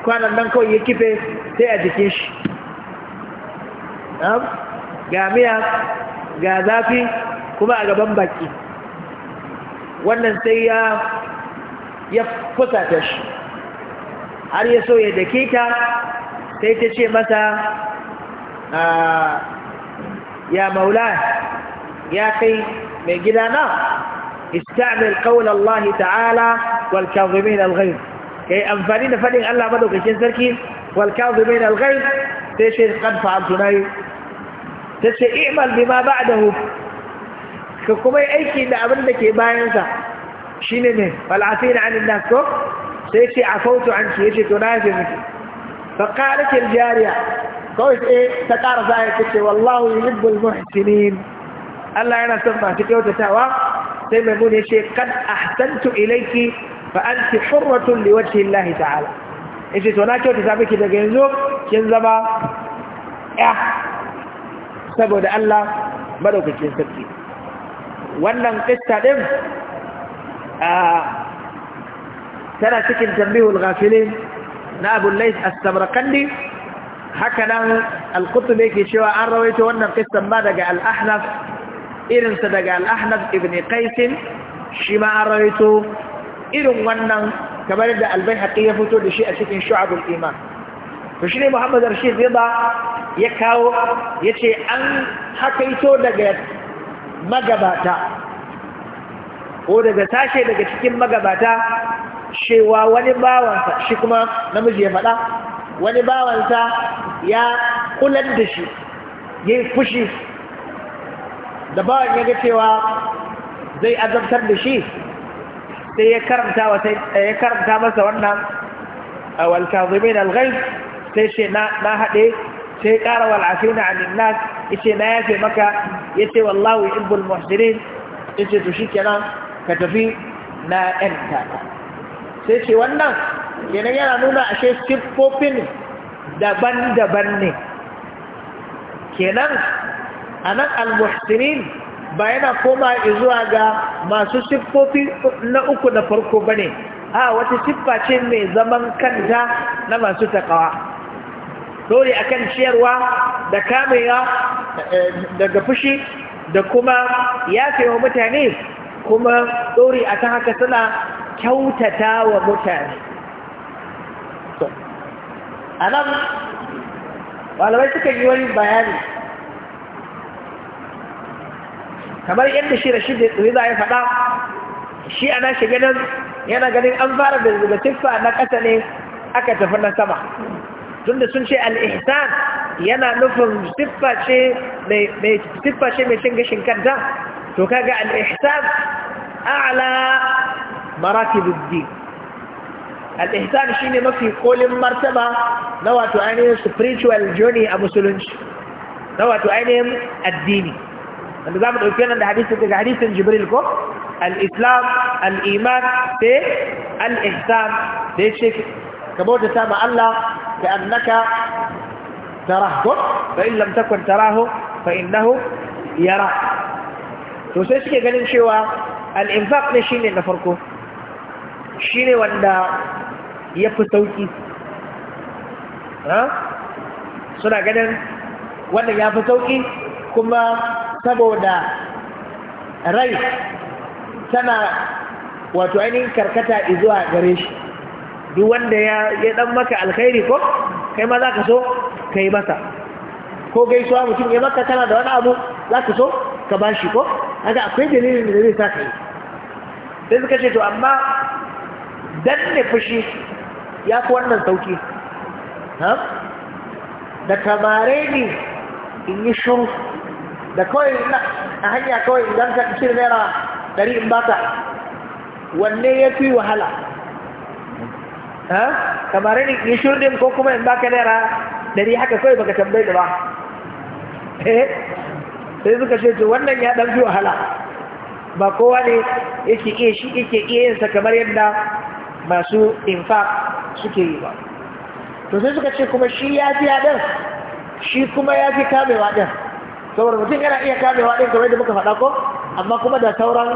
kwana nan kawai ya kife sai a jikin shi ga miya ga zafi kuma a gaban baki wannan sai ya ya fusata shi har ya so ya dake ta sai ta ce masa ya maula ya kai mai gidana استعمل قول الله تعالى والكاظمين الغيظ kai amfani da faɗin Allah madaukakin sarki wal kadhimin al ghayb sai ce qad fa'altu nayi tace i'mal bima ba'dahu ka kuma yi aiki da abin da ke bayansa shine ne ne fal'afi na anin da ko sai ce a an ce yace to na miki fa jariya kawai sai ta ƙara sa ta ce wallahu yuhibbul muhsinin Allah yana son masu kyautatawa sai mai mun yace kad ahsantu ilayki fa anti hurratun liwajhi Allah ta'ala yace to na kyauta ta miki daga yanzu kin zama ya saboda Allah madaukakin sarki wannan kissa tana cikin tambihul ghafilin na Abu Layth as-Samarqandi haka nan al-Qutbi yake cewa an rawaito wannan kissan ba daga al irinsa daga al-Ahnaf ibn Qaisin shi ma an rawaito irin wannan kamar yadda albai haƙi ya fito da shi a cikin shu'abul iman to shi ne muhammad rashid riba ya kawo ya ce an hakaito daga magabata ko daga tashe daga cikin magabata cewa wani bawansa shi kuma namiji ya faɗa wani bawansa ya kulan da shi ya yi fushi da bawan ya ga cewa zai azabtar da shi sai ya karanta wa eh, ya karanta masa wannan eh, wal kadhibin al ghaiz sai ce na na hade sai ƙara wal afina an nas yace na yafe maka yace wallahi yuhibbul muhsinin yace to shikenan ka tafi na enta sai ce wannan kenan yana nuna ashe siffofin daban-daban ne kenan anan al-muhsinin ba yana koma zuwa ga masu siffofi na uku na farko ba ne a wata siffa ce mai zaman kanta na masu takawa dole akan ciyarwa da kamewa eh, daga fushi da kuma yafewa mutane kuma a ta haka suna kyautata wa mutane a nan malamai suka yi wani bayani kamar yadda shi rashid riza ya faɗa shi ana shi ganin yana ganin an fara da zuba tiffa na ƙasa ne aka tafi na sama tun da sun ce al'ihsan yana nufin tiffa ce mai cin gashin kanta to kaga al'ihsan a'ala buddi al'ihsan shi ne mafi kolin martaba na wato ainihin spiritual journey a musulunci na wato ainihin addini wanda za mu ɗauki nan da hadisin daga hadisin jibril ko al-islam al-iman al-ihsan da ya ce ka bauta ta ma Allah ka annaka tarahu fa in lam takun tarahu fa ho yara to sai suke ganin cewa al-infaq ne shine na farko shi ne wanda ya fi sauki suna ganin wanda ya fi sauki kuma saboda rai tana wato ainihin karkata izuwa gare shi duk wanda ya dan maka alkhairi ko kai ma za ka so ka yi masa ko gaisuwa mutum ya maka kana da wani abu za ka so ka ba shi ko haka akwai dalilin da zai sa ka yi sai suka ce to amma danne fushi ya fi wannan sauki da kamare ne in yi shuru da kawai a hanya kawai idan ka shirin naira ɗari in baka wanne ya fi wahala kamar ni ya shirin ko kuma in baka naira ɗari haka kawai baka tambayi da ba eh? sai suka ce to wannan ya ɗan fi wahala ba kowa ne yake iya shi yake iya yinsa kamar yadda masu infa suke yi ba to sai suka ce kuma shi ya fi yaɗin shi kuma ya fi kamewa ɗin saboda mutum yana iya kamewa ɗin kamar da muka faɗa ko amma kuma da sauran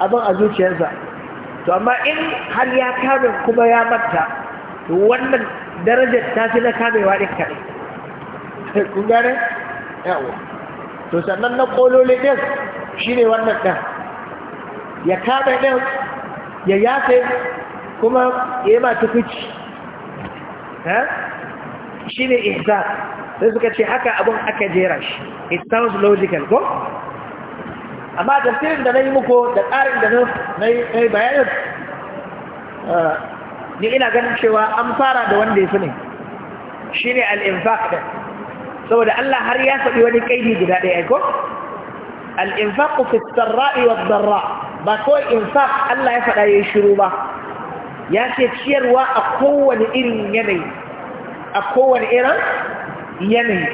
abin a zuciyarsa to amma in har ya kame kuma ya manta to wannan darajar ta fi na kamewa ɗin kaɗai kun gane yawa to sannan na ƙololi ɗin shine wannan ɗin ya kame ɗin ya yafe kuma ya yi ma tukuci eh? shi ne ihsan sai suka ce haka abin aka jera shi it sounds logical ko amma tafsirin da na yi muku da tsarin da na yi bayanin eh, ina ganin cewa an fara da wanda ya fi ne shi ne al'infaq ɗin saboda Allah har ya faɗi wani ƙaidi guda ɗaya ko al'infaq ku fitar ra'i wa zarra ba ko infaq Allah ya faɗa ya yi shiru ba ya ce ciyarwa a kowane irin yanayi a kowane irin yanayi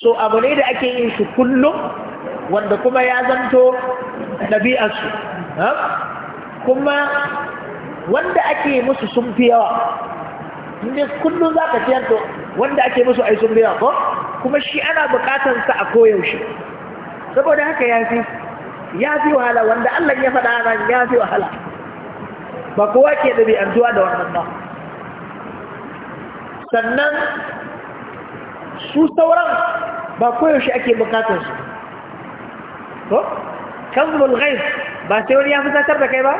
so abu ne da ake yin shi kullum wanda kuma ya zanto ɗabi'arsu kuma wanda ake musu sun fi yawa inda kullum za ka ciyar da wanda ake musu ai sun fi yawa ko kuma shi ana bukatarsa a koyaushe saboda haka ya fi ya fi wahala wanda Allah ya faɗa nan ya fi wahala ba kowa ke ɗabi'antuwa da wannan ba sannan su sauran ba koyaushe ake bukatarsu ko kanzul ghaib ba sai wani ya fitar da kai ba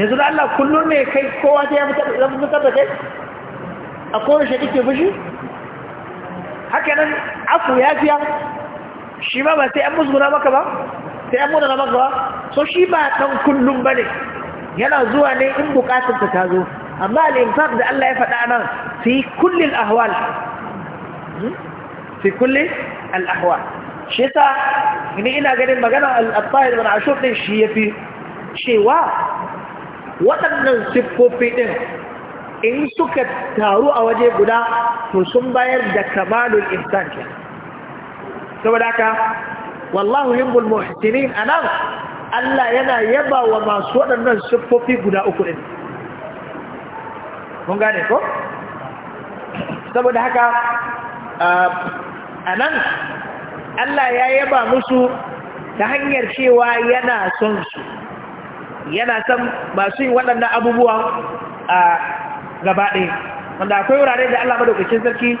yanzu da Allah kullum ne kai kowa sai ya fitar da kai a koyaushe kake fushi haka nan aku yafiya shi ma ba sai an musguna maka ba sai an muna maka ba so shi ba kan kullum ba ne yana zuwa ne in bukatarsa ta zo amma al-infaq da Allah ya faɗa nan fi kulli al-ahwal fi kulli al-ahwal shi ta ni ina ganin magana al-tahir bin ashur din shi yafi cewa waɗannan siffofi din in suka taru a waje guda to sun bayar da kamalul ihsan ke saboda haka wallahu yuhibbul muhsinin anan Allah yana yaba wa masu waɗannan siffofi guda uku din kun gane ko saboda haka a nan Allah ya yaba musu ta hanyar cewa yana son su yana son masu yin waɗannan abubuwan a gabaɗe wanda akwai wurare da Allah madaukakin sarki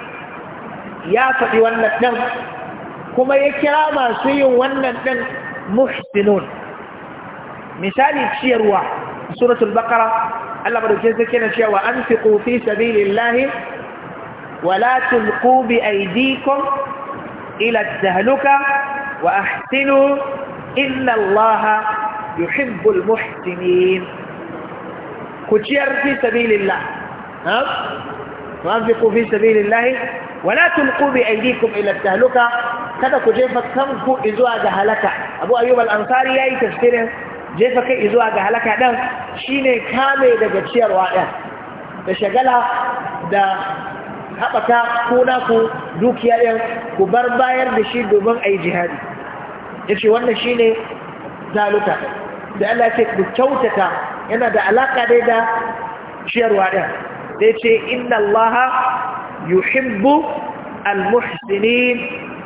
ya faɗi wannan ɗan kuma ya kira masu yin wannan ɗan muhsinun misali ciyarwa suratul bakara Allah madaukin sarki na cewa an fi fi sabilillahi wala tulqu bi aydikum ila tahluka wa ahsinu inna Allaha yuhibbul muhsinin ku ciyar fi sabilillah ha وأنفقوا في سبيل الله ولا تلقوا بأيديكم إلى التهلكة kada ku jefa kanku izuwa ga halaka abu ayyub al-ansari yayi tafsirin jefa kai zuwa ga halaka ɗan shine kame daga ciyarwa ɗan da shagala da haɓaka ko ku dukiya ɗin ku bar bayar da shi domin a yi jihadi ya ce wannan shi ne zaluta da Allah ce ku kyautata yana da alaka dai da ciyarwa ɗan. da ya ce inna Allaha yuhibbu al-muhsinin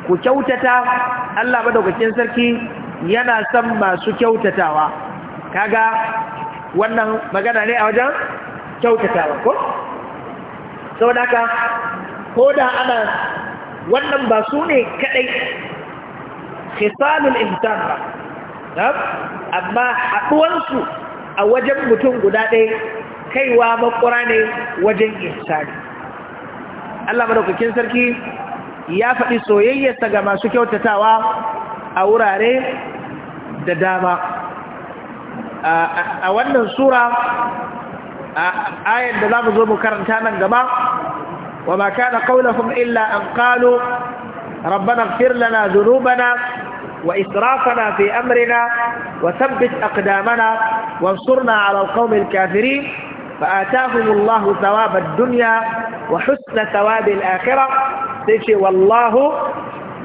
ku kyautata Allah madaukakin sarki yana san masu kyautatawa kaga wannan magana ne a wajen kyautatawa ko sau da ko da ana wannan ba su ne kadai khisalul ihsan ba amma haɗuwarsu a wajen mutum guda ɗaya kaiwa makura ne wajen ihsan Allah madaukakin sarki ya faɗi soyayyarsa ga masu kyautatawa a wurare da dama a wannan sura ayar da za mu zo mu karanta nan gaba wa ma kana qaulahum illa an qalu rabbana ighfir lana dhunubana wa israfana fi amrina wa thabbit aqdamana wansurna ala alqawmi alkafirin wa husna ثواب الدنيا وحسن ثواب الآخرة wallahu والله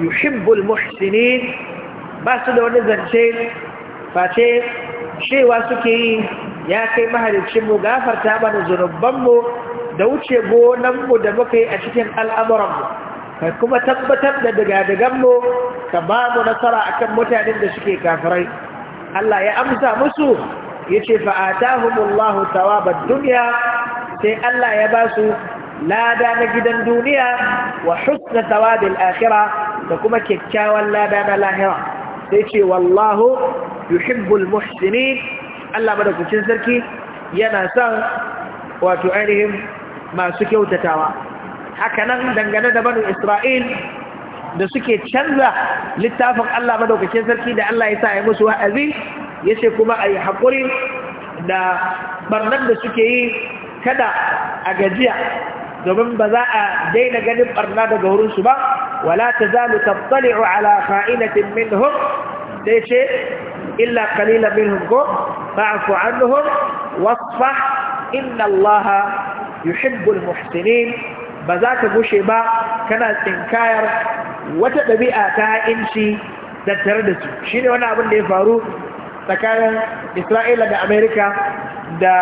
يحب muhsinin ba su da wani zance face cewa suke yi ya kai mahalicinmu gafarta mana zunubanmu da wuce gonanmu da muka yi a cikin al'amuranmu ka kuma tabbatar da daga-daganmu ka ba mu nasara a kan mutanen da suke kafirai Allah ya amsa musu ya ce fa'atahumullahu tawabar duniya sai Allah ya ba su lada na gidan duniya wa husna tawabil akhira da kuma kyakkyawan lada na lahira sai ce wallahu yuhibbul muhsinin Allah madaukakin sarki yana son wato ainihin masu kyautatawa haka nan dangane da banu Isra'il da suke canza littafin Allah madaukakin sarki da Allah ya sa ya musu wa'azi yace kuma ayi hakuri da barnar da suke yi kada a gajiya domin ba za a daina ganin barna daga wurinsu ba wala ta zalu tattali'u ala fa'inatin minhum sai ce illa kalila minhum ko fa'afu annuhum wasfah inna Allah yuhibbul muhsinin ba za ta gushe ba kana tsinkayar wata ɗabi'a ta ha'inci tattare da su shine wani abin da ya faru tsakanin Isra'ila da Amerika da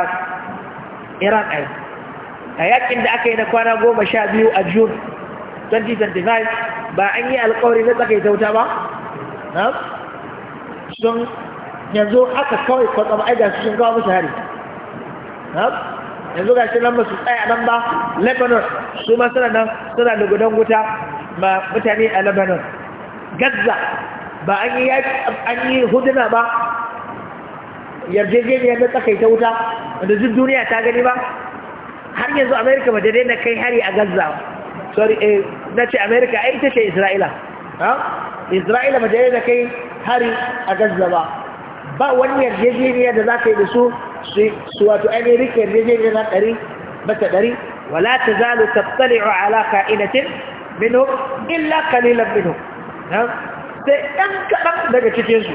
Iran aiki a yakin da aka yi na kwana goma sha biyu a june 2025 ba an yi alkawari na tsakai tauta ba sun yanzu aka kawai kwatsam aida su sun kawo musu hari yanzu ga shi nan masu su tsaya nan ba lebanon su ma suna nan suna da gudan wuta ma mutane a lebanon gaza ba an yi an yi huduna ba yarjejeniyar na ta wuta wanda duk duniya ta gani ba har yanzu amerika ba daidai na kai hari a gaza sorry eh na ce amerika ai ita ce isra'ila isra'ila ba daidai na kai hari a gaza ba ba wani yarjejeniya da za ka yi da su su wato ainihin rike yarjejeniya na ɗari bata ɗari wala ta zalu a ala ka'inatin minhum illa kalilan minhum sai ɗan kaɗan daga cikinsu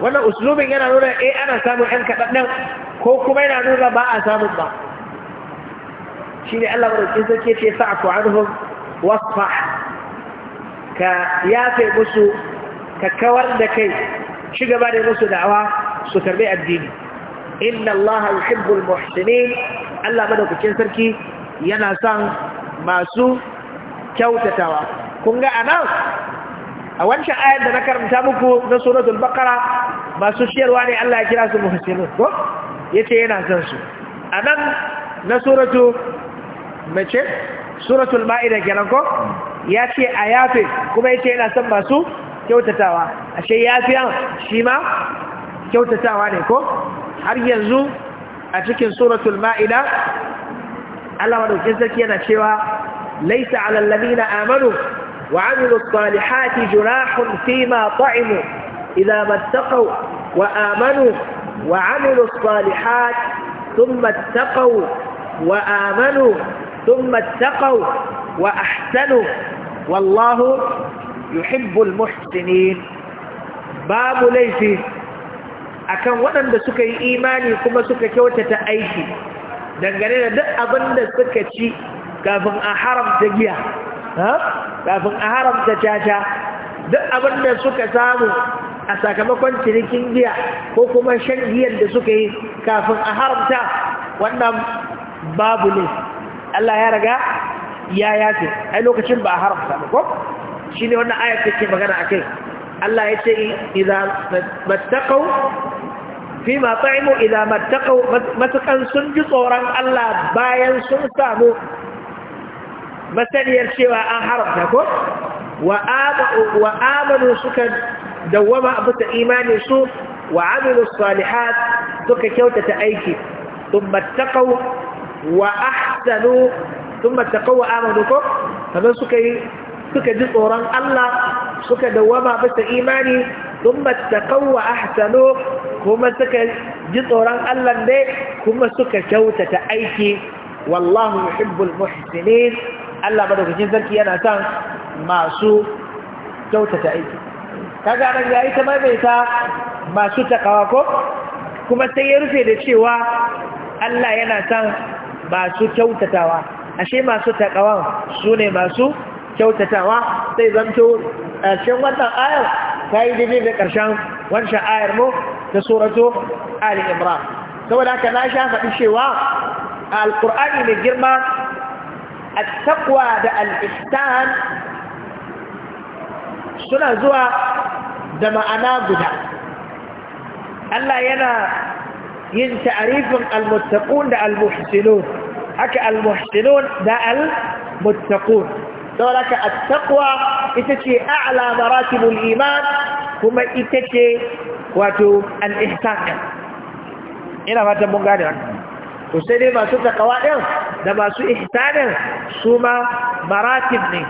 wannan uslubin yana nuna eh ana samun ɗan kaɗan ɗan ko kuma yana nuna ba a samun ba shi ne Allah maɗaukin sarki ce sa ku anhum wasfa ka yafe musu ka kawar da kai shi gaba da musu da'awa su karbi addini inna Allah yuhibbul muhsinin Allah maɗaukakin sarki yana son masu kyautatawa kun ga anan a wancan ayar da na karanta muku na suratul bakara masu shiyarwa ne Allah ya kira su muhsinun ko ya ce yana son su a nan na suratu mace suratul ma'ida kenan ko ya ce a yafe kuma ya ce yana son masu kyautatawa ashe yafiyan shi ma kyautatawa ne ko har yanzu a cikin suratul ma'ida Allah sarki yana cewa laisa alal na amanu wa amilus salihati junahun fima ta'imu idza mattaqu wa amanu وعملوا الصالحات ثم اتقوا وآمنوا ثم اتقوا وأحسنوا والله يحب المحسنين باب ليس akan waɗanda suka yi imani kuma suka kyautata aiki dangane da duk abin da suka ci kafin a haramta giya kafin a haramta caca duk abin da suka samu a sakamakon cinikin giya ko kuma shan giyar da suka yi kafin a haramta wannan babu ne Allah ya raga ya yafe ai lokacin ba a haramta ba ko shine wannan ayat take magana akai Allah ya ce idza mattaqu ma ta'imu idza mattaqu matakan sun ji tsoron Allah bayan sun samu masaliyar cewa an haramta ko wa amanu suka dawwama a bisa imanin su wa amilu salihat suka kyautata aiki thumma taqaw wa ahsanu thumma taqaw wa amanu ko sannan suka yi suka ji tsoron Allah suka dawwama bisa imani thumma taqaw wa ahsanu kuma suka ji tsoron Allah ne kuma suka kyautata aiki wallahu yuhibbul muhsinin Allah madaukakin sarki yana son masu kyautata aiki kaga nan ya yi ta maimaita masu takawa ko kuma sai ya rufe da cewa Allah yana san masu kyautatawa ashe masu takawa su masu kyautatawa sai zanto ƙarshen wannan ayar kai yi daidai da karshen wannan ayar mu ta suratu Ali Imran saboda haka na sha faɗi cewa a alƙur'ani mai girma a takwa da ihsan suna zuwa da ma'ana guda Allah yana yin ta'arifin al almuttaqun da al-muhsinun. haka al-muhsinun da almuttaqun saboda haka attaqwa ita ce a'la maratibul iman kuma ita ce wato al-ihsan ina fatan mun gane haka to sai dai masu takawa din da masu ihsanin su ma maratib ne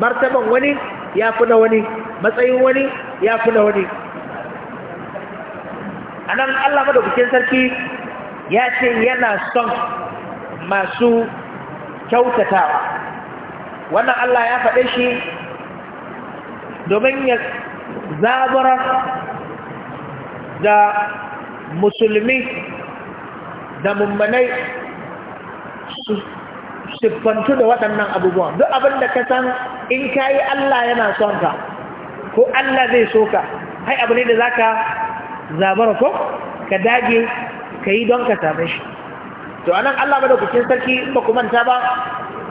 martaban wani ya fi na wani matsayin wani ya fi na wani a nan allah madaukakin sarki ya ce yana son masu kyautatawa wannan allah ya faɗe shi domin ya zabara da musulmi da mummanai siffantu da waɗannan abubuwan duk abin da ka san in ka yi Allah yana son ka ko Allah zai so ka hai abu ne da za ka zabara ko ka dage ka yi don ka same shi to anan Allah kukin sarki ba ku manta ba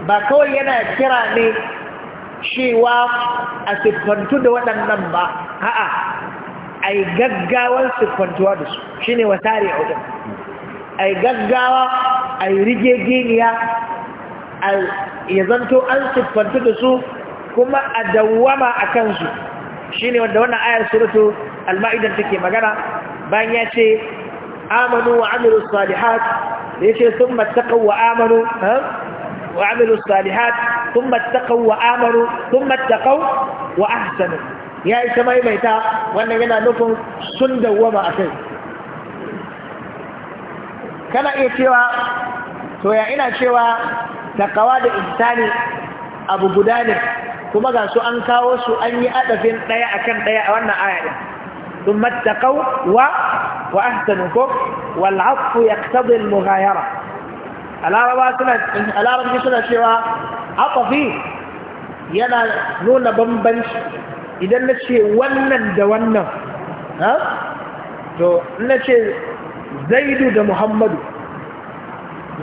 ba kawai yana kira ne cewa a siffantu da waɗannan ba a'a ai gaggawar siffantuwa da su shine wasari a wajen ai gaggawa ai rigegeniya ya zanto an siffantu da su kuma a dawwama a kansu shi ne wanda wannan ayar suratu alma'idan take magana bayan ya ce amanu wa amilu salihat da ya ce sun mattaƙa wa amanu wa amilu salihat sun mattaƙa wa amanu sun mattaƙa wa ahsanu ya yi ta maimaita wannan yana nufin sun dawwama a kai kana iya cewa to ya ina cewa takawa da ihsani abu guda ne kuma ga su an kawo su an yi adafin daya akan daya a wannan aya din wa اتقوا و واحسنكم والعطف يقتضي المغايره العرب سنه العرب suna cewa عطفي yana nuna bambanci idan na ce wannan da wannan ha to na ce zaidu da muhammadu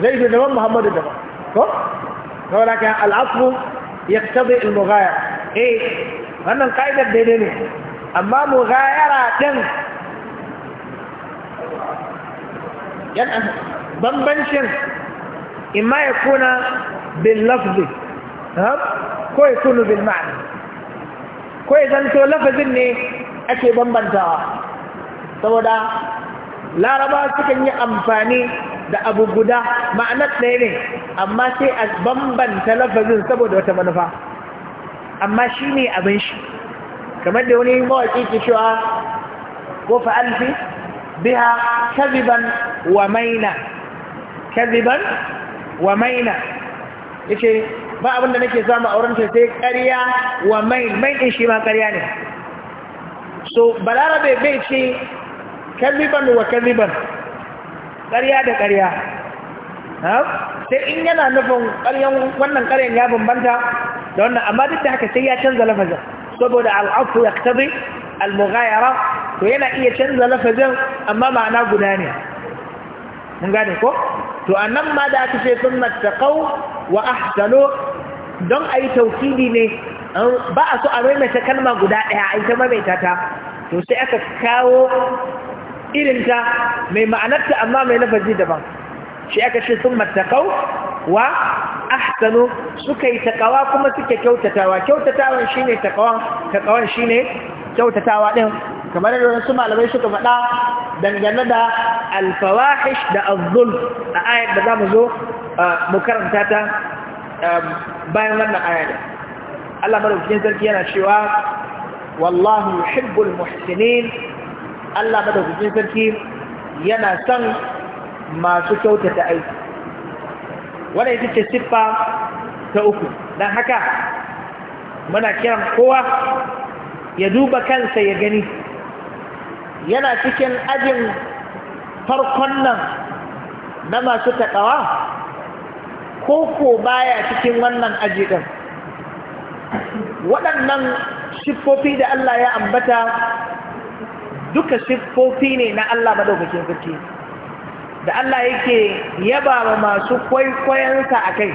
zaidu daban muhammadu da daban ko saboda kan al'afu yaqtadi al-mughayar eh wannan kaidar daidai ne amma mughayara din yan bambancin imma kuna bil lafzi ko kuna bil ma'na ko idan to lafazin ne ake bambantawa saboda laraba sukan yi amfani da abu guda ma'anar ɗaya ne amma sai a bambanta lafazin saboda wata manufa amma shi ne abin shi kamar da wani mawaƙi ke cewa ko fa'alfi biha kaziban wa maina kaziban wa maina yace ba abinda nake samu a wurin sai ƙarya wa main main ɗin shi ma ƙarya ne so balarabe bai ce kaziban wa kaziban ƙarya da ƙarya sai in yana nufin wannan ƙaryan ya bambanta da wannan amma duk da haka sai ya canza lafazin saboda al'afu ya ktabi al-mughayara to yana iya canza lafazin amma ma'ana guda ne mun gane ko to annan ma da aka ce sun mattaqau wa ahsanu don ayi tawkidi ne ba a so a maimaita kalma guda ɗaya a ita maimaita ta to sai aka kawo irinta mai ma'anarta amma mai lafazi daban shi aka ce sun matakau wa ahsanu suka yi takawa kuma suke kyautatawa kyautatawan shine takawan takawan shine kyautatawa din kamar yadda wasu malamai suka faɗa dangane da alfawahish da azzul a ayar da zamu zo mu karanta ta um, bayan wannan ayar Allah madaukakin sarki yana cewa wallahu yuhibbul muhsinin Allah madaukakin sarki yana son masu kyautata aiki wannan ita ce siffa ta uku don haka muna kiran kowa ya duba kansa ya gani yana cikin ajin farkon nan na masu taƙawa ko ko baya cikin wannan aji ɗin waɗannan siffofi da Allah ya ambata duka siffofi ne na Allah madaukakin sarki da Allah yake yaba wa masu kwaikwayonsa a kai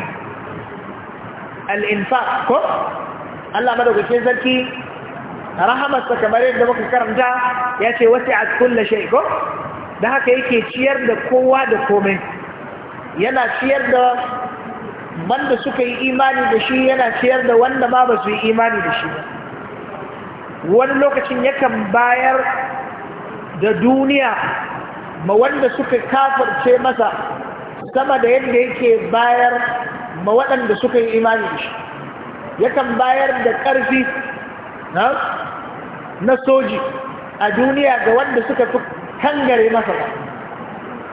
al'infa ko? Allah madaukakin sarki rahamarsa kamar yadda muka karanta ya ce wasu a kulla shai ko? da haka yake ciyar da kowa da komai yana ciyar da wanda suka yi imani da shi yana ciyar da wanda ma ba su yi imani da shi wani lokacin yakan bayar da duniya ma wanda suka kafarce masa sama da yadda yake bayar ma waɗanda suka yi imani shi yakan bayar da ƙarfi na soji a duniya ga wanda suka fi kangare masa ba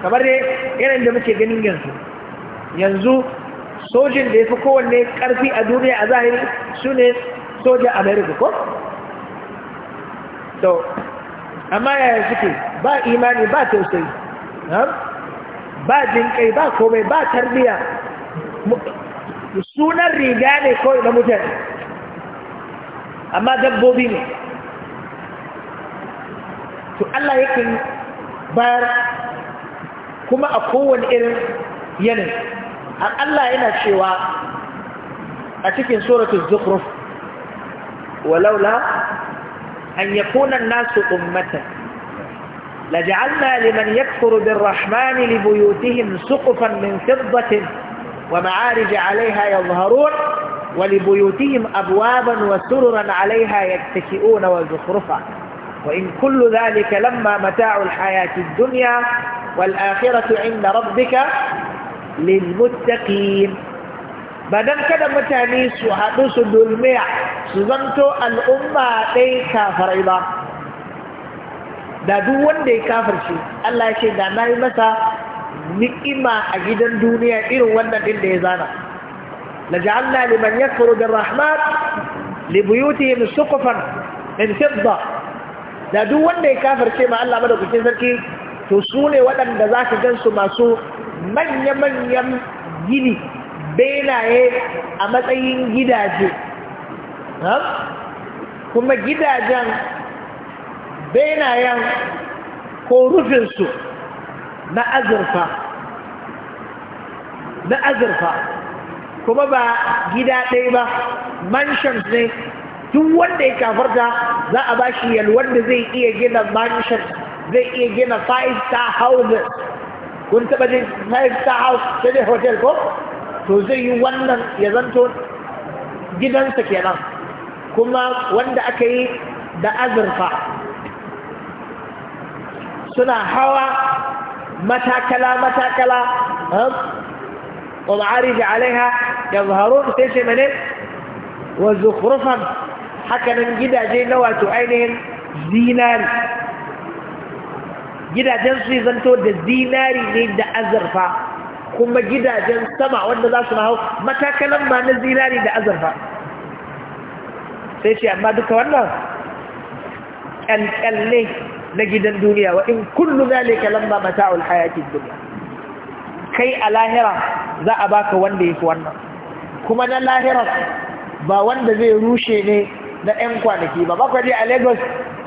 kamar ne yanayin da muke ganin yanzu yanzu sojin da ya fi kowanne ƙarfi a duniya a zahiri su ne sojin america ko? amma yaya suke ba imani ba tausayi ba jinkai ba komai ba tarbiya sunan riga ne kawai na mutane amma dabbobi ne to Allah yake bayar kuma a kowane irin yanayi Allah yana cewa a cikin suratul zukhruf walaula أن يكون الناس أمة لجعلنا لمن يكفر بالرحمن لبيوتهم سقفا من فضة ومعارج عليها يظهرون ولبيوتهم أبوابا وسررا عليها يتكئون وزخرفا وإن كل ذلك لما متاع الحياة الدنيا والآخرة عند ربك للمتقين ba don kada mutane su haɗu su dulmiya su zanto al'umma ɗai kafarai ba da duk wanda ya kafarci Allah ya ce da na yi masa ni'ima a gidan duniya irin wannan ɗin da ya zana لجعلنا لمن يكفر بالرحمن لبيوتهم سقفا من fidda da duk wanda ya kafirce ma Allah madaukakin sarki to su ne waɗanda za ka gansu masu manya-manyan gini belaye a matsayin gidaje kuma gidajen benayen ko rufinsu na azurfa na azurfa kuma ba gida ɗaya ba mansions ne duk wanda ya kafarta za a ba shi yalwar da zai iya gina mansions zai iya gina five star houses kun taɓa jin five star house sai dai hotel ko to zai yi wannan ya zanto gidansa kenan kuma wanda aka yi da azurfa suna hawa matakala-matakala ƙul'ari eh, da alaiha ya zaharo sai ce mene wa zukurufan hakanan gidaje na wato ainihin zinari gidajen su zanto da zinari ne da azurfa kuma gidajen sama wanda za su hau matakalan ma na zinari da azurfa sai ce amma duka wannan ƙyalƙyalle na gidan duniya wa in kullu zalika lamma mata'ul hayatid dunya kai a lahira za a baka wanda ya fi wannan kuma na lahira ba wanda zai rushe ne na 'yan kwanaki ba bakwai ne a lagos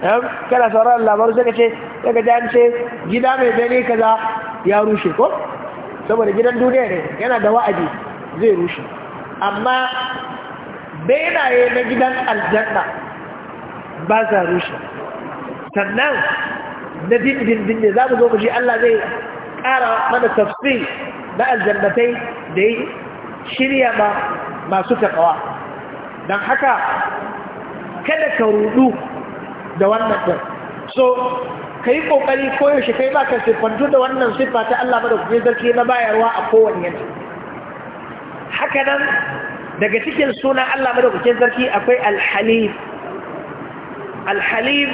eh, kada sauraron labaru suka ce daga jami'ai gida mai bene kaza ya rushe ko saboda gidan duniya ne yana da wa'adi zai rushe amma benaye na gidan aljanna ba za rushe sannan na dindindin ne za mu zo ji Allah zai ƙara mana tafsir na aljannatai da yi shirya ma masu taƙawa don haka kada ka rudu da wannan ɗin so ka yi ƙoƙari koyaushe kai ba ka siffantu da wannan siffa ta Allah madaukakin sarki na bayarwa a kowane yana haka nan daga cikin suna Allah madaukakin sarki akwai alhalif alhalif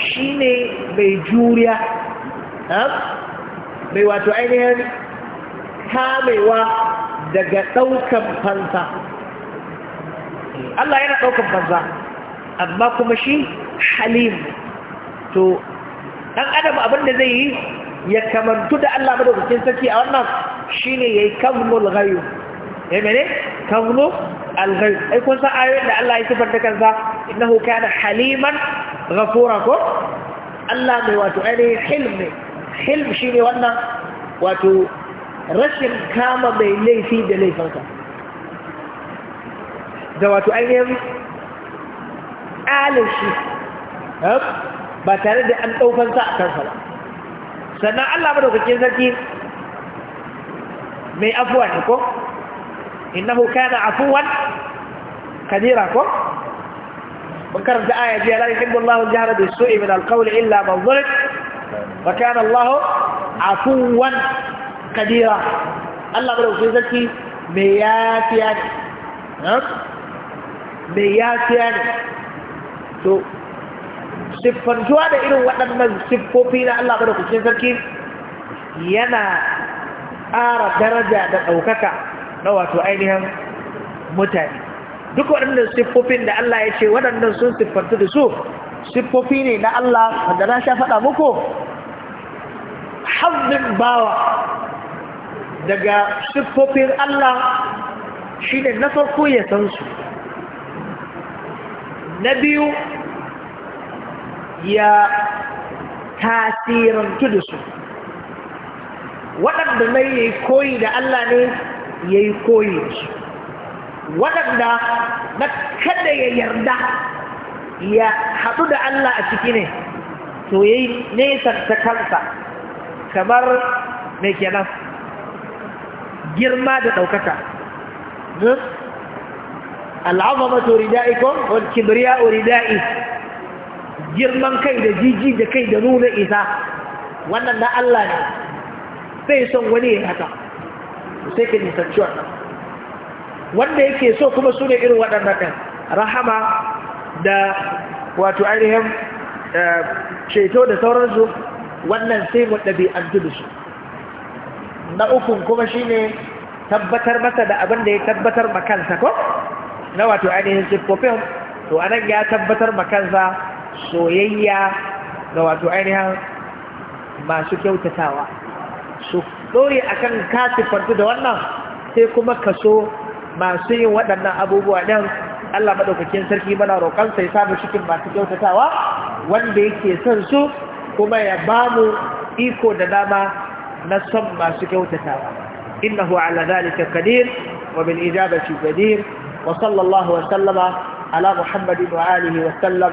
shi ne mai juriya mai wato ainihin kamewa daga ɗaukan fansa Allah yana ɗaukan fansa amma kuma shi halim to dan adam abin da zai yi ya kamantu da Allah da madaukakin sarki a wannan shine yayi kazmul ghaib eh mene kazmu al ghaib ai kun san ayoyin da Allah ya da kansa innahu kana haliman ghafura ko Allah mai wato ainihin hilmi hilm shine wannan wato rashin kama mai laifi da laifarka. da wato ainihin ƙalin shi ba tare da an ɗaukan sa a kansa ba sannan Allah madaukakin sarki mai afuwa ne ko innahu kana afuwan kadira ko mun karanta aya biya la yuhibbu Allahu al-jahra bis-su'i min al-qawli illa man zulim wa kana Allahu afuwan kadira Allah madaukakin sarki mai yafiya ne mai yafiya ne to siffantuwa da irin waɗannan siffofi na Allah da kusurin sarki yana ƙara daraja da ɗaukaka na wato ainihin mutane duk waɗannan siffofin da Allah ya ce waɗannan sun siffantu da su siffofi ne na Allah wanda na sha faɗa muku hannun bawa daga siffofin Allah shi ne na farko ya san su na biyu ya tasirantu da su waɗanda na yi koyi da Allah ne ya yi koyi da su waɗanda na kada ya yarda ya haɗu da Allah a ciki ne to ya yi ta kansa kamar mai kenan girma da ɗaukaka hmm? al'azamatu wani kibiriya kibriya rida'i girman kai da jiji da kai da nuna isa wannan na Allah ne bai son wani ya haka sai ka nisanci wannan wanda yake so kuma su ne irin waɗannan kan rahama da wato ainihin eh, ceto da sauransu wannan sai mu ɗabi'antu da su na ukun kuma shi ne tabbatar masa da abin da ya tabbatar makansa ko na wato ainihin siffofin to anan ya tabbatar makansa soyayya ga wato ainihin masu kyautatawa su ɗore a kan kasifantu da wannan sai kuma kaso masu yin waɗannan abubuwa ɗin Allah maɗaukakin sarki mana roƙonsa ya samu cikin masu kyautatawa wanda yake son su kuma ya ba mu iko da dama na son masu kyautatawa innahu ala zalika qadir wa bil ijabati qadir wa sallallahu wa sallama ala muhammadin wa alihi wa sallam